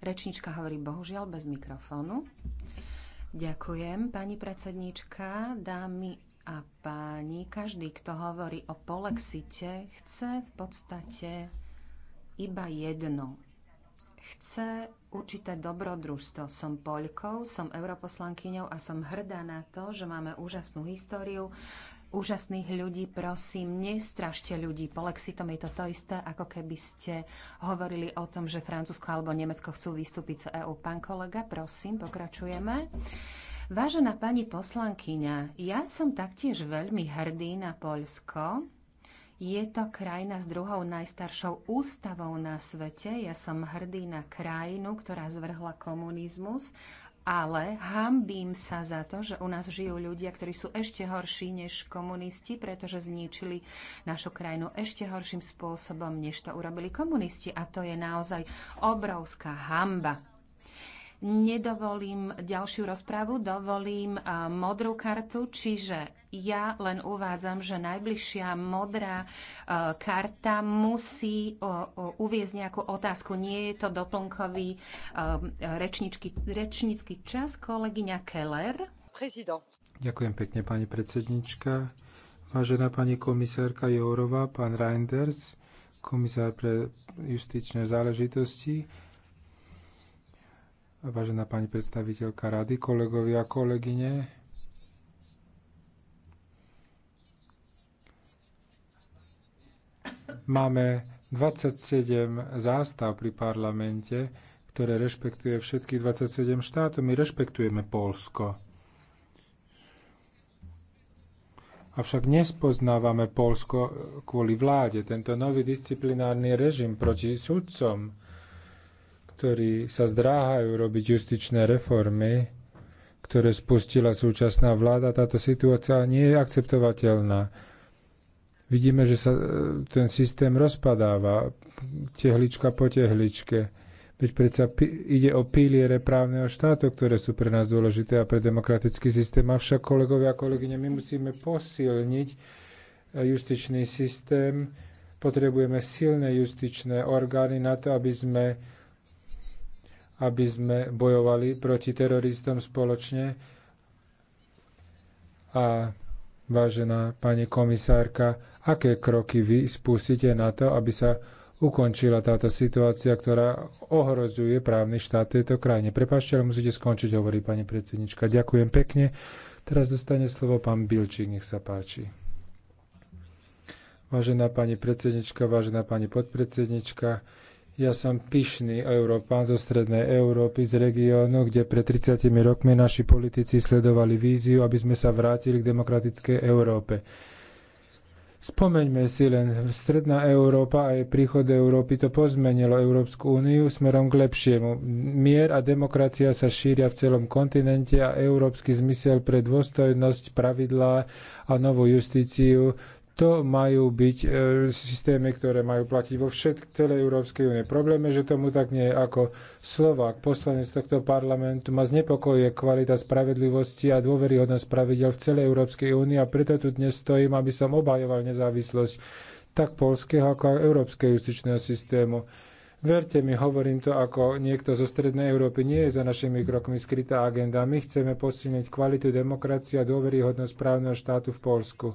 C: Rečnička hovorí bohužiaľ bez mikrofónu. Ďakujem, pani predsednička, dámy a páni. Každý, kto hovorí o polexite, chce v podstate iba jedno. Chce určité dobrodružstvo. Som Poľkou, som europoslankyňou a som hrdá na to, že máme úžasnú históriu, úžasných ľudí, prosím, nestrašte ľudí. Po Lexitom je to to isté, ako keby ste hovorili o tom, že Francúzsko alebo Nemecko chcú vystúpiť z EÚ. Pán kolega, prosím, pokračujeme. Vážená pani poslankyňa, ja som taktiež veľmi hrdý na Poľsko, je to krajina s druhou najstaršou ústavou na svete. Ja som hrdý na krajinu, ktorá zvrhla komunizmus ale hambím sa za to, že u nás žijú ľudia, ktorí sú ešte horší než komunisti, pretože zničili našu krajinu ešte horším spôsobom, než to urobili komunisti. A to je naozaj obrovská hamba. Nedovolím ďalšiu rozprávu, dovolím eh, modrú kartu, čiže ja len uvádzam, že najbližšia modrá e, karta musí uviezť nejakú otázku. Nie je to doplnkový e, rečnícky čas. Kolegyňa Keller. Prezident.
A: Ďakujem pekne, pani predsednička. Vážená pani komisárka Jourova, pán Reinders, komisár pre justičné záležitosti, vážená pani predstaviteľka rady, kolegovia a kolegyne, Máme 27 zástav pri parlamente, ktoré rešpektuje všetkých 27 štátov. My rešpektujeme Polsko. Avšak nespoznávame Polsko kvôli vláde. Tento nový disciplinárny režim proti sudcom, ktorí sa zdráhajú robiť justičné reformy, ktoré spustila súčasná vláda, táto situácia nie je akceptovateľná vidíme, že sa e, ten systém rozpadáva tehlička po tehličke. Veď predsa ide o piliere právneho štátu, ktoré sú pre nás dôležité a pre demokratický systém. Avšak, kolegovia a kolegyne, my musíme posilniť e, justičný systém. Potrebujeme silné justičné orgány na to, aby sme, aby sme bojovali proti teroristom spoločne. A vážená pani komisárka, aké kroky vy spustíte na to, aby sa ukončila táto situácia, ktorá ohrozuje právny štát tejto krajine. Prepašte, ale musíte skončiť, hovorí pani predsednička. Ďakujem pekne. Teraz dostane slovo pán Bilčík, nech sa páči. Vážená pani predsednička, vážená pani podpredsednička, ja som pyšný Európán zo Strednej Európy, z regiónu, kde pred 30 rokmi naši politici sledovali víziu, aby sme sa vrátili k demokratickej Európe. Spomeňme si len, stredná Európa a jej príchod Európy to pozmenilo Európsku úniu smerom k lepšiemu. Mier a demokracia sa šíria v celom kontinente a európsky zmysel pre dôstojnosť, pravidlá a novú justíciu to majú byť e, systémy, ktoré majú platiť vo všetk celej Európskej únie. Problém je, že tomu tak nie je ako Slovák, poslanec tohto parlamentu, ma znepokojuje kvalita spravedlivosti a dôveryhodnosť pravidel v celej Európskej únii a preto tu dnes stojím, aby som obhajoval nezávislosť tak polského ako aj európskeho justičného systému. Verte mi, hovorím to ako niekto zo Strednej Európy, nie je za našimi krokmi skrytá agenda. My chceme posilniť kvalitu demokracie a dôveryhodnosť právneho štátu v Polsku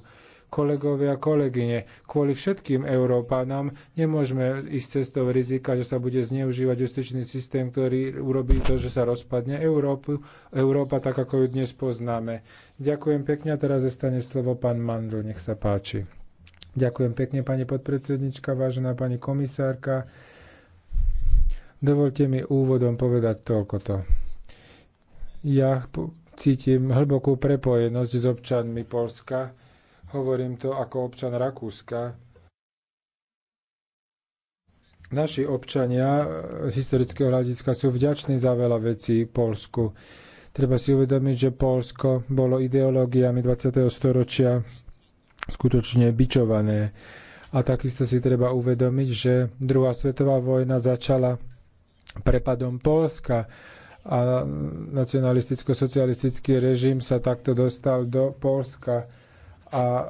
A: kolegovia kolegyne. Kvôli všetkým Európanom nemôžeme ísť cestou rizika, že sa bude zneužívať justičný systém, ktorý urobí to, že sa rozpadne Európu, Európa tak, ako ju dnes poznáme. Ďakujem pekne a teraz zostane slovo pán Mandl. Nech sa páči. Ďakujem pekne, pani podpredsednička, vážená pani komisárka. Dovolte mi úvodom povedať toľkoto. Ja cítim hlbokú prepojenosť s občanmi Polska Hovorím to ako občan Rakúska. Naši občania e, z historického hľadiska sú vďační za veľa vecí Polsku. Treba si uvedomiť, že Polsko bolo ideológiami 20. storočia skutočne bičované. A takisto si treba uvedomiť, že druhá svetová vojna začala prepadom Polska a nacionalisticko-socialistický režim sa takto dostal do Polska a e,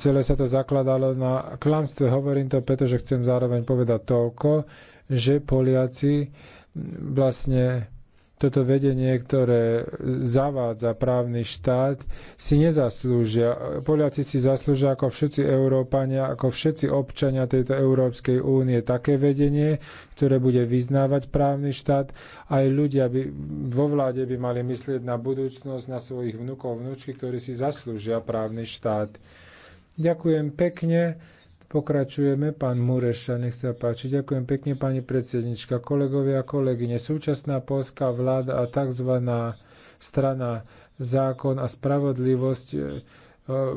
A: celé sa to zakladalo na klamstve. Hovorím to, pretože chcem zároveň povedať toľko, že Poliaci vlastne toto vedenie, ktoré zavádza právny štát, si nezaslúžia. Poliaci si zaslúžia ako všetci Európania, ako všetci občania tejto Európskej únie také vedenie, ktoré bude vyznávať právny štát. Aj ľudia by, vo vláde by mali myslieť na budúcnosť, na svojich vnukov, vnúčky, ktorí si zaslúžia právny štát. Ďakujem pekne. Pokračujeme, pán Mureša, nech sa páči. Ďakujem pekne, pani predsednička, kolegovia a kolegyne. Súčasná polská vláda a tzv. strana zákon a spravodlivosť e, e,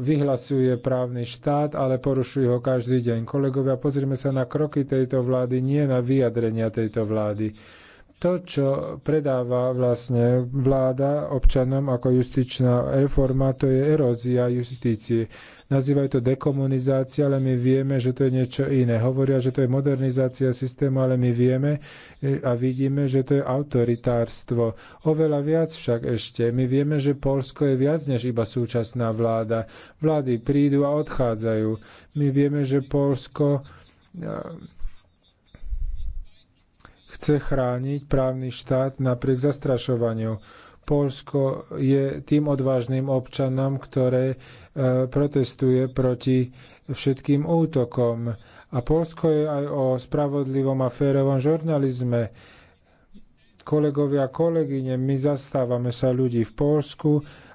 A: vyhlasuje právny štát, ale porušuje ho každý deň. Kolegovia, pozrime sa na kroky tejto vlády, nie na vyjadrenia tejto vlády to, čo predáva vlastne vláda občanom ako justičná reforma, to je erózia justície. Nazývajú to dekomunizácia, ale my vieme, že to je niečo iné. Hovoria, že to je modernizácia systému, ale my vieme e, a vidíme, že to je autoritárstvo. Oveľa viac však ešte. My vieme, že Polsko je viac než iba súčasná vláda. Vlády prídu a odchádzajú. My vieme, že Polsko e, chce chrániť právny štát napriek zastrašovaniu. Polsko je tým odvážnym občanom, ktoré e, protestuje proti všetkým útokom. A Polsko je aj o spravodlivom a férovom žurnalizme. Kolegovia, kolegyne, my zastávame sa ľudí v Polsku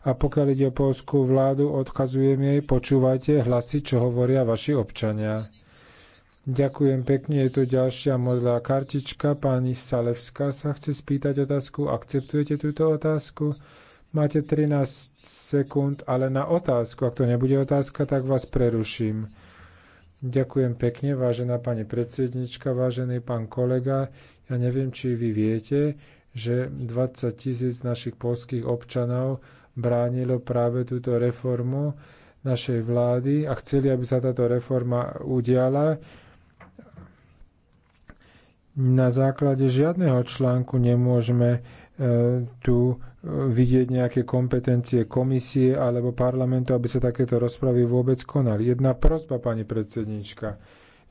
A: a pokiaľ ide o polskú vládu, odkazujem jej, počúvajte hlasy, čo hovoria vaši občania. Ďakujem pekne, je tu ďalšia modlá kartička. Pani Salevská sa chce spýtať otázku. Akceptujete túto otázku? Máte 13 sekúnd, ale na otázku. Ak to nebude otázka, tak vás preruším. Ďakujem pekne, vážená pani predsednička, vážený pán kolega. Ja neviem, či vy viete, že 20 tisíc našich polských občanov bránilo práve túto reformu našej vlády a chceli, aby sa táto reforma udiala na základe žiadneho článku nemôžeme e, tu e, vidieť nejaké kompetencie komisie alebo parlamentu, aby sa takéto rozpravy vôbec konali. Jedna prosba, pani predsednička.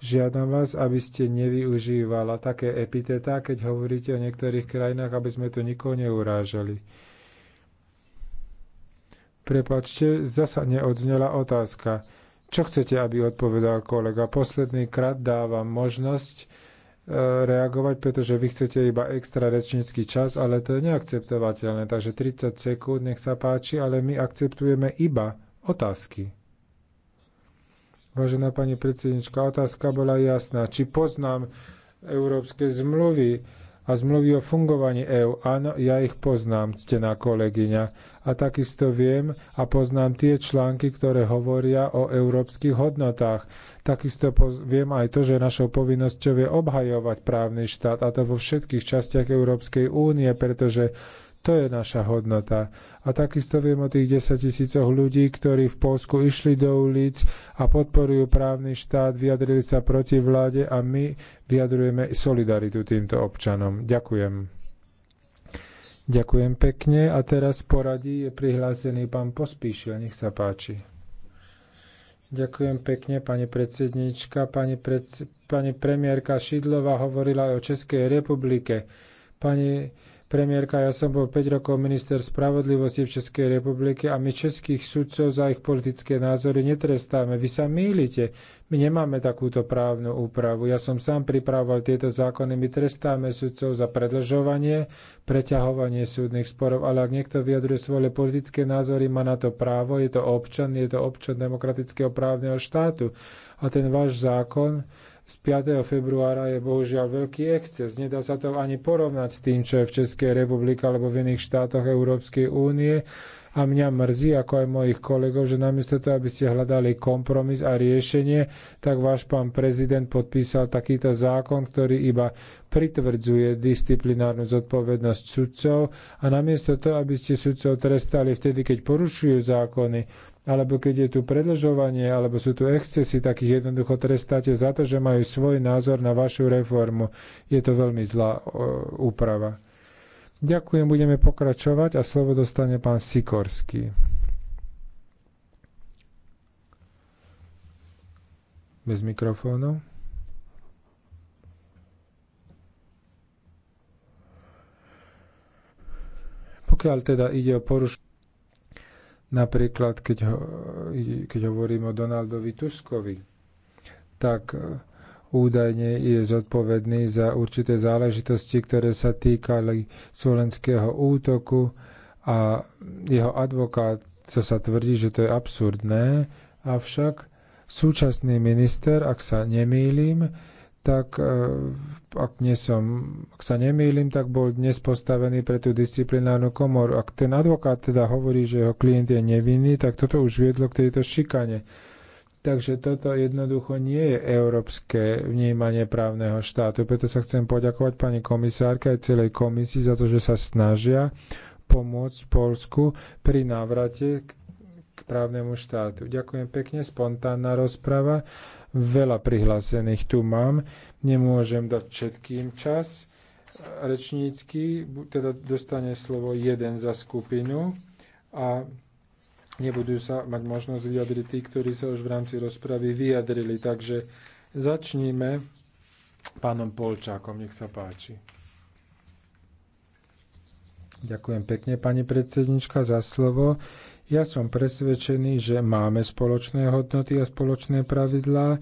A: Žiadam vás, aby ste nevyužívala také epitetá, keď hovoríte o niektorých krajinách, aby sme tu nikoho neurážali. Prepačte, zasa neodznela otázka. Čo chcete, aby odpovedal kolega? Posledný krát dávam možnosť reagovať, pretože vy chcete iba extra rečnícky čas, ale to je neakceptovateľné. Takže 30 sekúnd, nech sa páči, ale my akceptujeme iba otázky. Vážená pani predsednička, otázka bola jasná. Či poznám európske zmluvy? a zmluvy o fungovaní EÚ. Áno, ja ich poznám, ctená kolegyňa. A takisto viem a poznám tie články, ktoré hovoria o európskych hodnotách. Takisto viem aj to, že našou povinnosťou je obhajovať právny štát, a to vo všetkých častiach Európskej únie, pretože to je naša hodnota. A takisto viem o tých 10 tisícoch ľudí, ktorí v Polsku išli do ulic a podporujú právny štát, vyjadrili sa proti vláde a my vyjadrujeme solidaritu týmto občanom. Ďakujem. Ďakujem pekne a teraz poradí je prihlásený pán Pospíšil. Nech sa páči. Ďakujem pekne, pani predsednička. Pani, preds- pani premiérka Šidlova hovorila aj o Českej republike. Pani premiérka, ja som bol 5 rokov minister spravodlivosti v Českej republike a my českých sudcov za ich politické názory netrestáme. Vy sa mýlite. My nemáme takúto právnu úpravu. Ja som sám pripravoval tieto zákony. My trestáme sudcov za predlžovanie, preťahovanie súdnych sporov, ale ak niekto vyjadruje svoje politické názory, má na to právo. Je to občan, je to občan demokratického právneho štátu. A ten váš zákon z 5. februára je bohužiaľ veľký exces. Nedá sa to ani porovnať s tým, čo je v Českej republike alebo v iných štátoch Európskej únie. A mňa mrzí, ako aj mojich kolegov, že namiesto toho, aby ste hľadali kompromis a riešenie, tak váš pán prezident podpísal takýto zákon, ktorý iba pritvrdzuje disciplinárnu zodpovednosť sudcov a namiesto toho, aby ste sudcov trestali vtedy, keď porušujú zákony, alebo keď je tu predlžovanie, alebo sú tu excesy, tak ich jednoducho trestáte za to, že majú svoj názor na vašu reformu. Je to veľmi zlá úprava. Ďakujem, budeme pokračovať a slovo dostane pán Sikorský. Bez mikrofónu. Pokiaľ teda ide o porušenie Napríklad, keď, ho, keď hovorím o Donaldovi Tuskovi, tak e, údajne je zodpovedný za určité záležitosti, ktoré sa týkali slovenského útoku a jeho advokát sa, sa tvrdí, že to je absurdné, avšak súčasný minister, ak sa nemýlim, tak e, ak, nie som, ak sa nemýlim, tak bol dnes postavený pre tú disciplinárnu komoru. Ak ten advokát teda hovorí, že jeho klient je nevinný, tak toto už viedlo k tejto šikane. Takže toto jednoducho nie je európske vnímanie právneho štátu. Preto sa chcem poďakovať pani komisárke aj celej komisii za to, že sa snažia pomôcť Polsku pri návrate k právnemu štátu. Ďakujem pekne, spontánna rozprava. Veľa prihlásených tu mám. Nemôžem dať všetkým čas rečnícky, teda dostane slovo jeden za skupinu a nebudú sa mať možnosť vyjadriť tí, ktorí sa už v rámci rozpravy vyjadrili. Takže začníme pánom Polčákom, nech sa páči. Ďakujem pekne, pani predsednička, za slovo. Ja som presvedčený, že máme spoločné hodnoty a spoločné pravidlá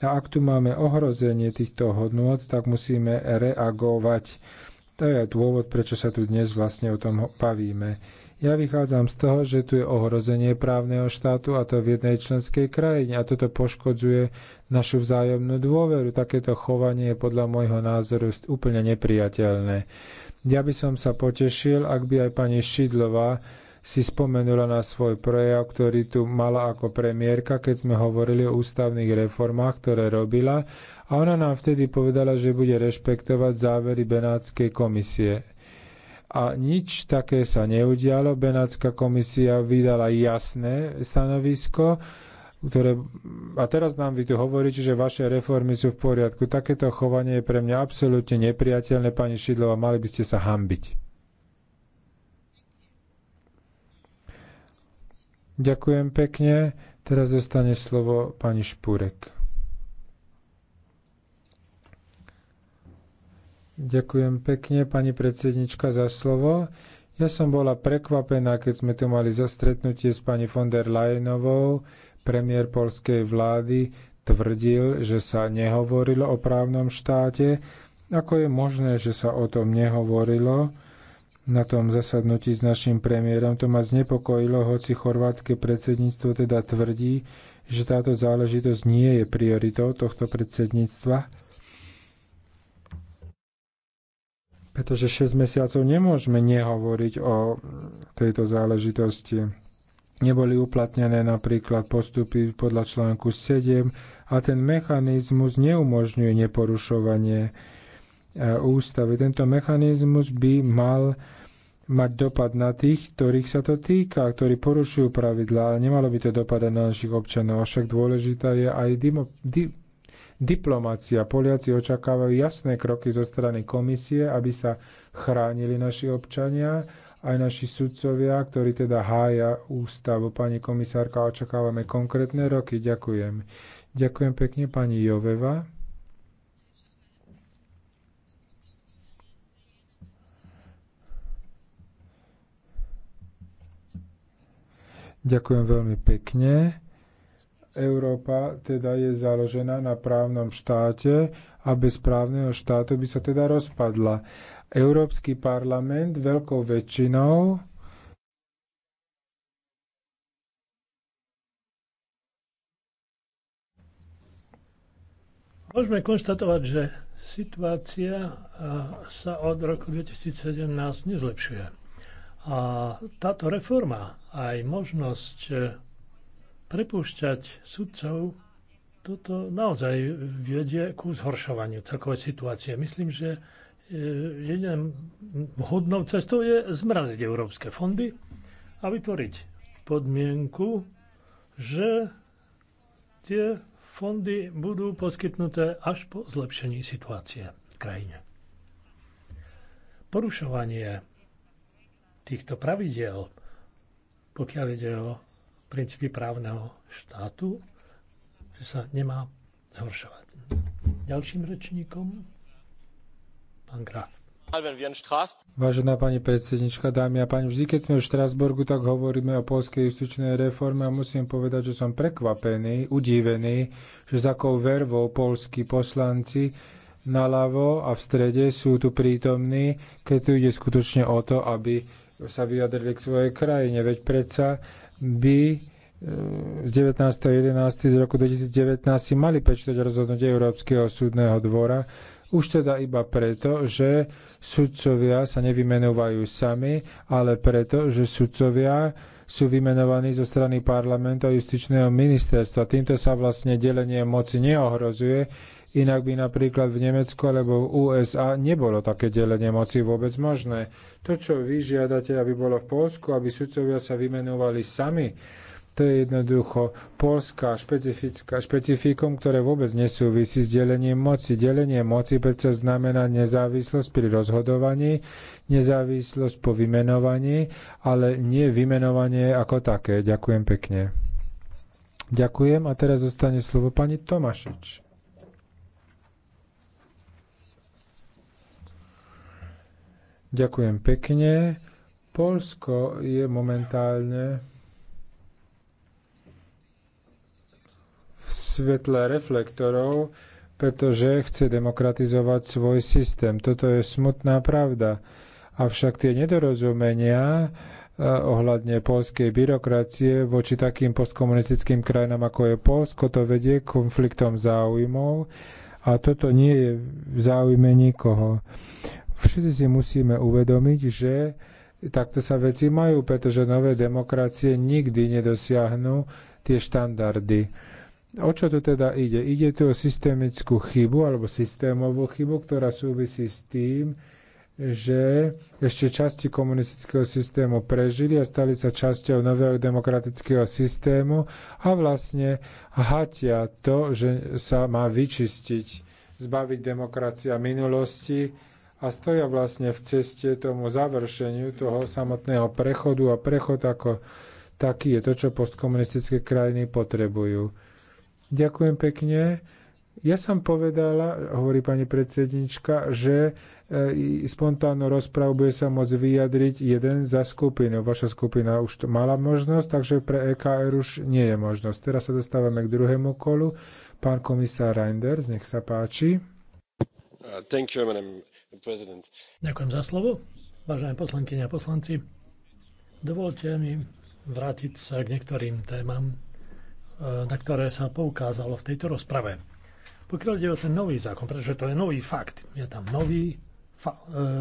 A: a ak tu máme ohrozenie týchto hodnot, tak musíme reagovať. To je dôvod, prečo sa tu dnes vlastne o tom bavíme. Ja vychádzam z toho, že tu je ohrozenie právneho štátu a to v jednej členskej krajine a toto poškodzuje našu vzájomnú dôveru. Takéto chovanie je podľa môjho názoru úplne nepriateľné. Ja by som sa potešil, ak by aj pani Šidlová si spomenula na svoj prejav, ktorý tu mala ako premiérka, keď sme hovorili o ústavných reformách, ktoré robila. A ona nám vtedy povedala, že bude rešpektovať závery Benátskej komisie. A nič také sa neudialo. Benátska komisia vydala jasné stanovisko, ktoré... A teraz nám vy tu hovoríte, že vaše reformy sú v poriadku. Takéto chovanie je pre mňa absolútne nepriateľné, pani Šidlova, mali by ste sa hambiť. Ďakujem pekne. Teraz dostane slovo pani Špúrek. Ďakujem pekne, pani predsednička, za slovo. Ja som bola prekvapená, keď sme tu mali zastretnutie s pani von der Leyenovou. Premiér polskej vlády tvrdil, že sa nehovorilo o právnom štáte. Ako je možné, že sa o tom nehovorilo? na tom zasadnutí s našim premiérom. To ma znepokojilo, hoci chorvátske predsedníctvo teda tvrdí, že táto záležitosť nie je prioritou tohto predsedníctva, pretože 6 mesiacov nemôžeme nehovoriť o tejto záležitosti. Neboli uplatnené napríklad postupy podľa článku 7 a ten mechanizmus neumožňuje neporušovanie e, ústavy. Tento mechanizmus by mal mať dopad na tých, ktorých sa to týka, ktorí porušujú pravidlá, ale nemalo by to dopadať na našich občanov. Avšak dôležitá je aj dimo, di, diplomácia. Poliaci očakávajú jasné kroky zo strany komisie, aby sa chránili naši občania, aj naši sudcovia, ktorí teda hája ústavu. Pani komisárka, očakávame konkrétne roky. Ďakujem. Ďakujem pekne pani Joveva. Ďakujem veľmi pekne. Európa teda je založená na právnom štáte a bez právneho štátu by sa teda rozpadla. Európsky parlament veľkou väčšinou
B: Môžeme konštatovať, že situácia sa od roku 2017 nezlepšuje. A táto reforma aj možnosť e, prepúšťať sudcov, toto naozaj vedie ku zhoršovaniu celkovej situácie. Myslím, že e, jedinou vhodnou cestou je zmraziť európske fondy a vytvoriť podmienku, že tie fondy budú poskytnuté až po zlepšení situácie v krajine. Porušovanie týchto pravidel, pokiaľ ide o princípy právneho štátu, že sa nemá zhoršovať. Ďalším rečníkom pán Graf.
A: Vážená pani predsednička, dámy a páni, vždy keď sme v Štrasburgu, tak hovoríme o polskej justičnej reforme a musím povedať, že som prekvapený, udívený, že za akou vervou polskí poslanci naľavo a v strede sú tu prítomní, keď tu ide skutočne o to, aby sa vyjadrili k svojej krajine. Veď predsa by e, z 19.11. z roku 2019 si mali prečítať rozhodnutie Európskeho súdneho dvora, už teda iba preto, že sudcovia sa nevymenovajú sami, ale preto, že sudcovia sú vymenovaní zo strany parlamentu a justičného ministerstva. Týmto sa vlastne delenie moci neohrozuje, Inak by napríklad v Nemecku alebo v USA nebolo také delenie moci vôbec možné. To, čo vy žiadate, aby bolo v Polsku, aby sudcovia sa vymenovali sami, to je jednoducho polská špecifická, špecifikum, ktoré vôbec nesúvisí s delením moci. Delenie moci predsa znamená nezávislosť pri rozhodovaní, nezávislosť po vymenovaní, ale nie vymenovanie ako také. Ďakujem pekne. Ďakujem a teraz zostane slovo pani Tomašič. Ďakujem pekne. Polsko je momentálne v svetle reflektorov, pretože chce demokratizovať svoj systém. Toto je smutná pravda. Avšak tie nedorozumenia eh, ohľadne polskej byrokracie voči takým postkomunistickým krajinám, ako je Polsko, to vedie k konfliktom záujmov a toto nie je v záujme nikoho všetci si musíme uvedomiť, že takto sa veci majú, pretože nové demokracie nikdy nedosiahnu tie štandardy. O čo tu teda ide? Ide tu o systemickú chybu alebo systémovú chybu, ktorá súvisí s tým, že ešte časti komunistického systému prežili a stali sa časťou nového demokratického systému a vlastne hatia to, že sa má vyčistiť, zbaviť demokracia minulosti a stoja vlastne v ceste tomu završeniu toho samotného prechodu a prechod ako taký je to, čo postkomunistické krajiny potrebujú. Ďakujem pekne. Ja som povedala, hovorí pani predsednička, že e, spontánnu rozprávu bude sa môcť vyjadriť jeden za skupinu. Vaša skupina už to mala možnosť, takže pre EKR už nie je možnosť. Teraz sa dostávame k druhému kolu. Pán komisár Reinders, nech sa páči. Uh, thank you, madam. Ďakujem za slovo. Vážené poslankyne a poslanci, dovolte
B: mi vrátiť sa k niektorým témam, e, na ktoré sa poukázalo v tejto rozprave. Pokiaľ ide o ten nový zákon, pretože to je nový fakt, je tam nový e,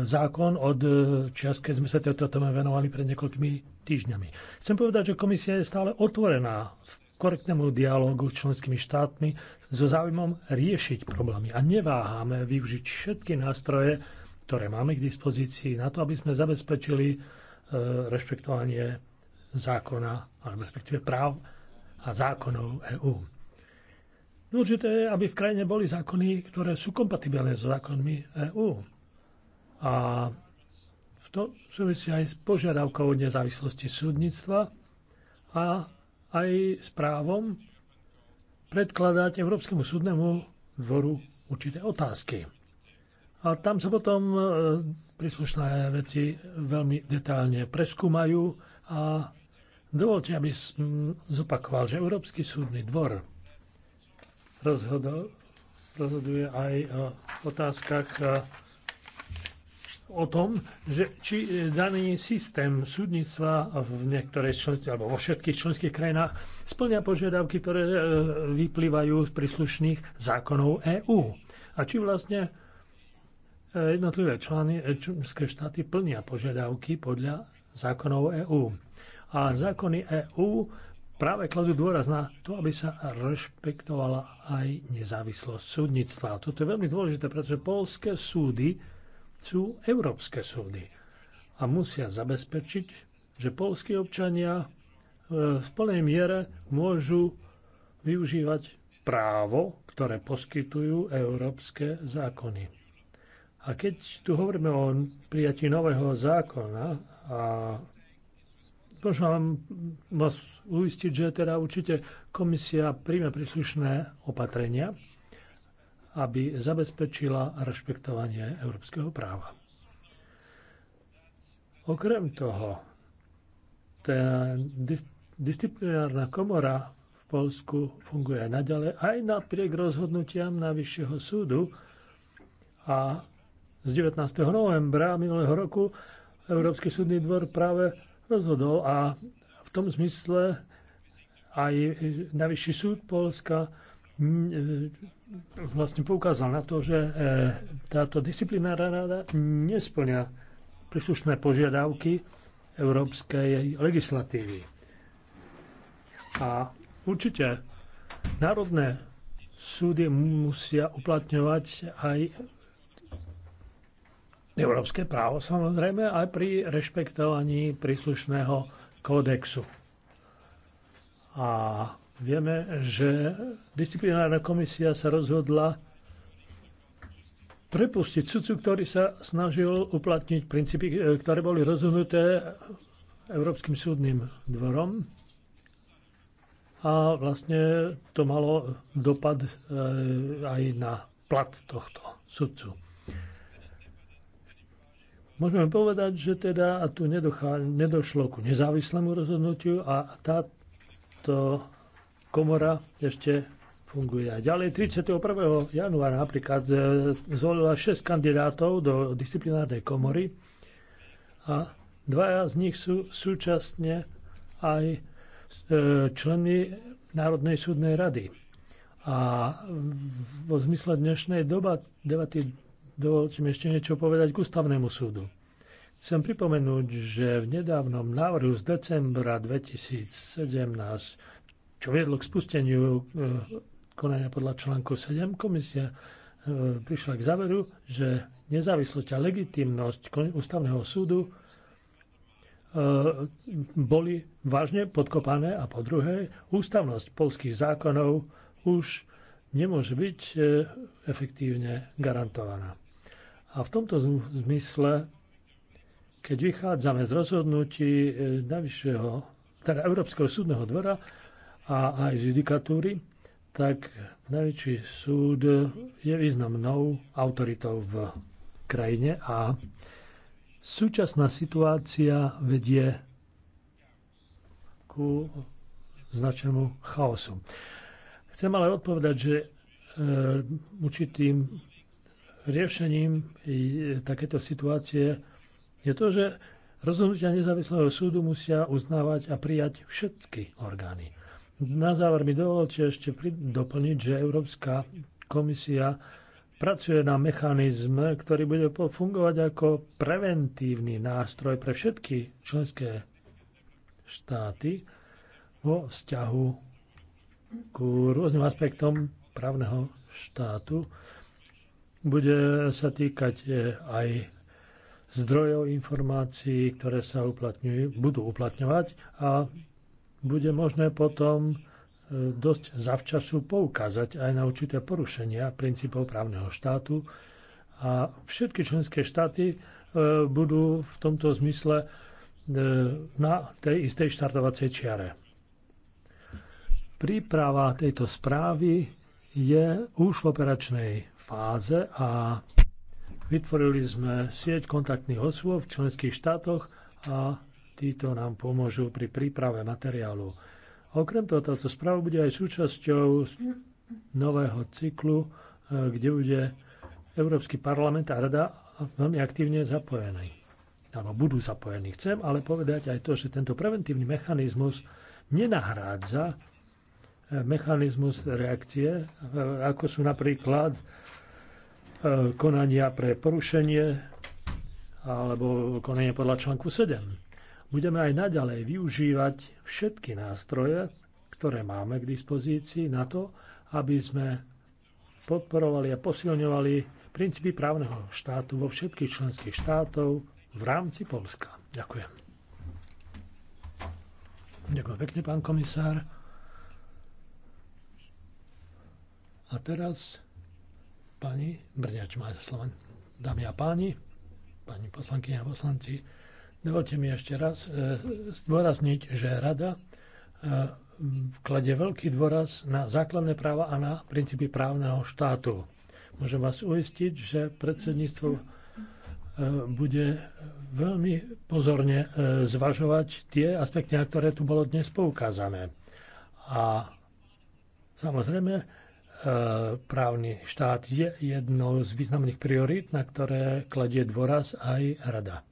B: zákon od e, čias, keď sme sa tejto téme venovali pred niekoľkými týždňami. Chcem povedať, že komisia je stále otvorená v korektnému dialogu s členskými štátmi so záujmom riešiť problémy. A neváhame využiť všetky nástroje, ktoré máme k dispozícii na to, aby sme zabezpečili e, rešpektovanie zákona, respektíve práv a zákonov EÚ. Dôležité je, aby v krajine boli zákony, ktoré sú kompatibilné s zákonmi EÚ. A v to súvisí aj s požiadavkou nezávislosti súdnictva a aj s právom predkladať Európskemu súdnemu dvoru určité otázky. A tam sa potom e, príslušné veci veľmi detálne preskúmajú a dovolte, aby som zopakoval, že Európsky súdny dvor rozhodol, rozhoduje aj o otázkach e, o tom, že či e, daný systém súdnictva v niektorej členských, alebo vo všetkých členských krajinách splňa požiadavky, ktoré e, vyplývajú z príslušných zákonov EÚ. A či vlastne e, jednotlivé člány, členské štáty plnia požiadavky podľa zákonov EÚ. A zákony EÚ práve kladú dôraz na to, aby sa rešpektovala aj nezávislosť súdnictva. Toto je veľmi dôležité, pretože polské súdy sú európske súdy a musia zabezpečiť, že polskí občania e, v plnej miere môžu využívať právo, ktoré poskytujú európske zákony. A keď tu hovoríme o prijatí nového zákona, a môžem vám vás uistiť, že teda určite komisia príjme príslušné opatrenia, aby zabezpečila rešpektovanie európskeho práva. Okrem toho, tá disciplinárna komora v Polsku funguje naďalej aj napriek rozhodnutiam Najvyššieho súdu a z 19. novembra minulého roku Európsky súdny dvor práve rozhodol a v tom zmysle aj Najvyšší súd Polska E, vlastne poukázal na to, že e, táto disciplinárna rada nesplňa príslušné požiadavky európskej legislatívy. A určite národné súdy musia uplatňovať aj európske právo samozrejme, aj pri rešpektovaní príslušného kódexu. A Vieme, že disciplinárna komisia sa rozhodla prepustiť sudcu, ktorý sa snažil uplatniť princípy, e, ktoré boli rozhodnuté Európskym súdnym dvorom. A vlastne to malo dopad e, aj na plat tohto sudcu. Môžeme povedať, že teda tu nedošlo ku nezávislému rozhodnutiu a táto komora ešte funguje aj ďalej. 31. januára napríklad e, zvolila 6 kandidátov do disciplinárnej komory a dvaja z nich sú súčasne aj e, členmi Národnej súdnej rady. A vo zmysle dnešnej doba, debaty dovolte mi ešte niečo povedať k ústavnému súdu. Chcem pripomenúť, že v nedávnom návrhu z decembra 2017 čo viedlo k spusteniu eh, konania podľa článku 7, komisia eh, prišla k záveru, že nezávislosť a legitimnosť ústavného súdu eh, boli vážne podkopané a po druhé, ústavnosť polských zákonov už nemôže byť efektívne garantovaná. A v tomto zmysle, keď vychádzame z rozhodnutí najvyššieho, teda Európskeho súdneho dvora, a aj z judikatúry, tak najväčší súd je významnou autoritou v krajine a súčasná situácia vedie ku značnému chaosu. Chcem ale odpovedať, že e, určitým riešením takéto situácie je to, že rozhodnutia nezávislého súdu musia uznávať a prijať všetky orgány. Na záver mi dovolte ešte doplniť, že Európska komisia pracuje na mechanizm, ktorý bude fungovať ako preventívny nástroj pre všetky členské štáty vo vzťahu ku rôznym aspektom právneho štátu. Bude sa týkať e, aj zdrojov informácií, ktoré sa uplatňujú, budú uplatňovať a bude možné potom e, dosť zavčasu poukázať aj na určité porušenia princípov právneho štátu a všetky členské štáty e, budú v tomto zmysle e, na tej istej štartovacej čiare. Príprava tejto správy je už v operačnej fáze a vytvorili sme sieť kontaktných osôb v členských štátoch a Títo nám pomôžu pri príprave materiálu. Okrem toho, táto správa bude aj súčasťou nového cyklu, e, kde bude Európsky parlament a Rada veľmi aktívne zapojený. Alebo budú zapojení. Chcem ale povedať aj to, že tento preventívny mechanizmus nenahrádza e, mechanizmus reakcie, e, ako sú napríklad konania pre porušenie alebo konanie podľa článku 7 budeme aj naďalej využívať všetky nástroje, ktoré máme k dispozícii na to, aby sme podporovali a posilňovali princípy právneho štátu vo všetkých členských štátov v rámci Polska. Ďakujem. Ďakujem pekne, pán komisár. A teraz pani Brňač má slovo. Dámy a páni, pani poslankyňa a poslanci, Dovolte mi ešte raz e, zdôrazniť, že Rada e, klade veľký dôraz na základné práva a na princípy právneho štátu. Môžem vás uistiť, že predsedníctvo e, bude veľmi pozorne zvažovať tie aspekty, na ktoré tu bolo dnes poukázané. A samozrejme, právny štát je jednou z významných priorít, na ktoré kladie dôraz aj Rada.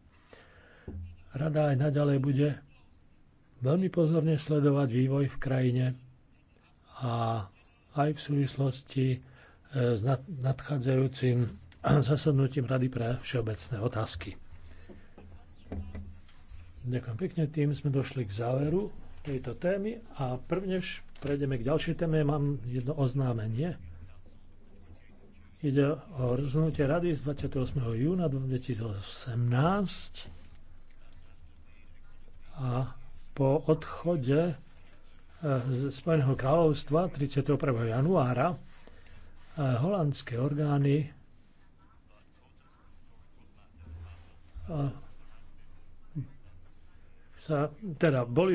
B: Rada aj naďalej bude veľmi pozorne sledovať vývoj v krajine a aj v súvislosti e, s nadchádzajúcim zasadnutím Rady pre všeobecné otázky. Ďakujem pekne, tým sme došli k záveru tejto témy a prvnež prejdeme k ďalšej téme, mám jedno oznámenie. Ide o rozhodnutie rady z 28. júna 2018 a po odchode eh, z Spojeného kráľovstva 31. januára eh, holandské orgány eh, sa, teda boli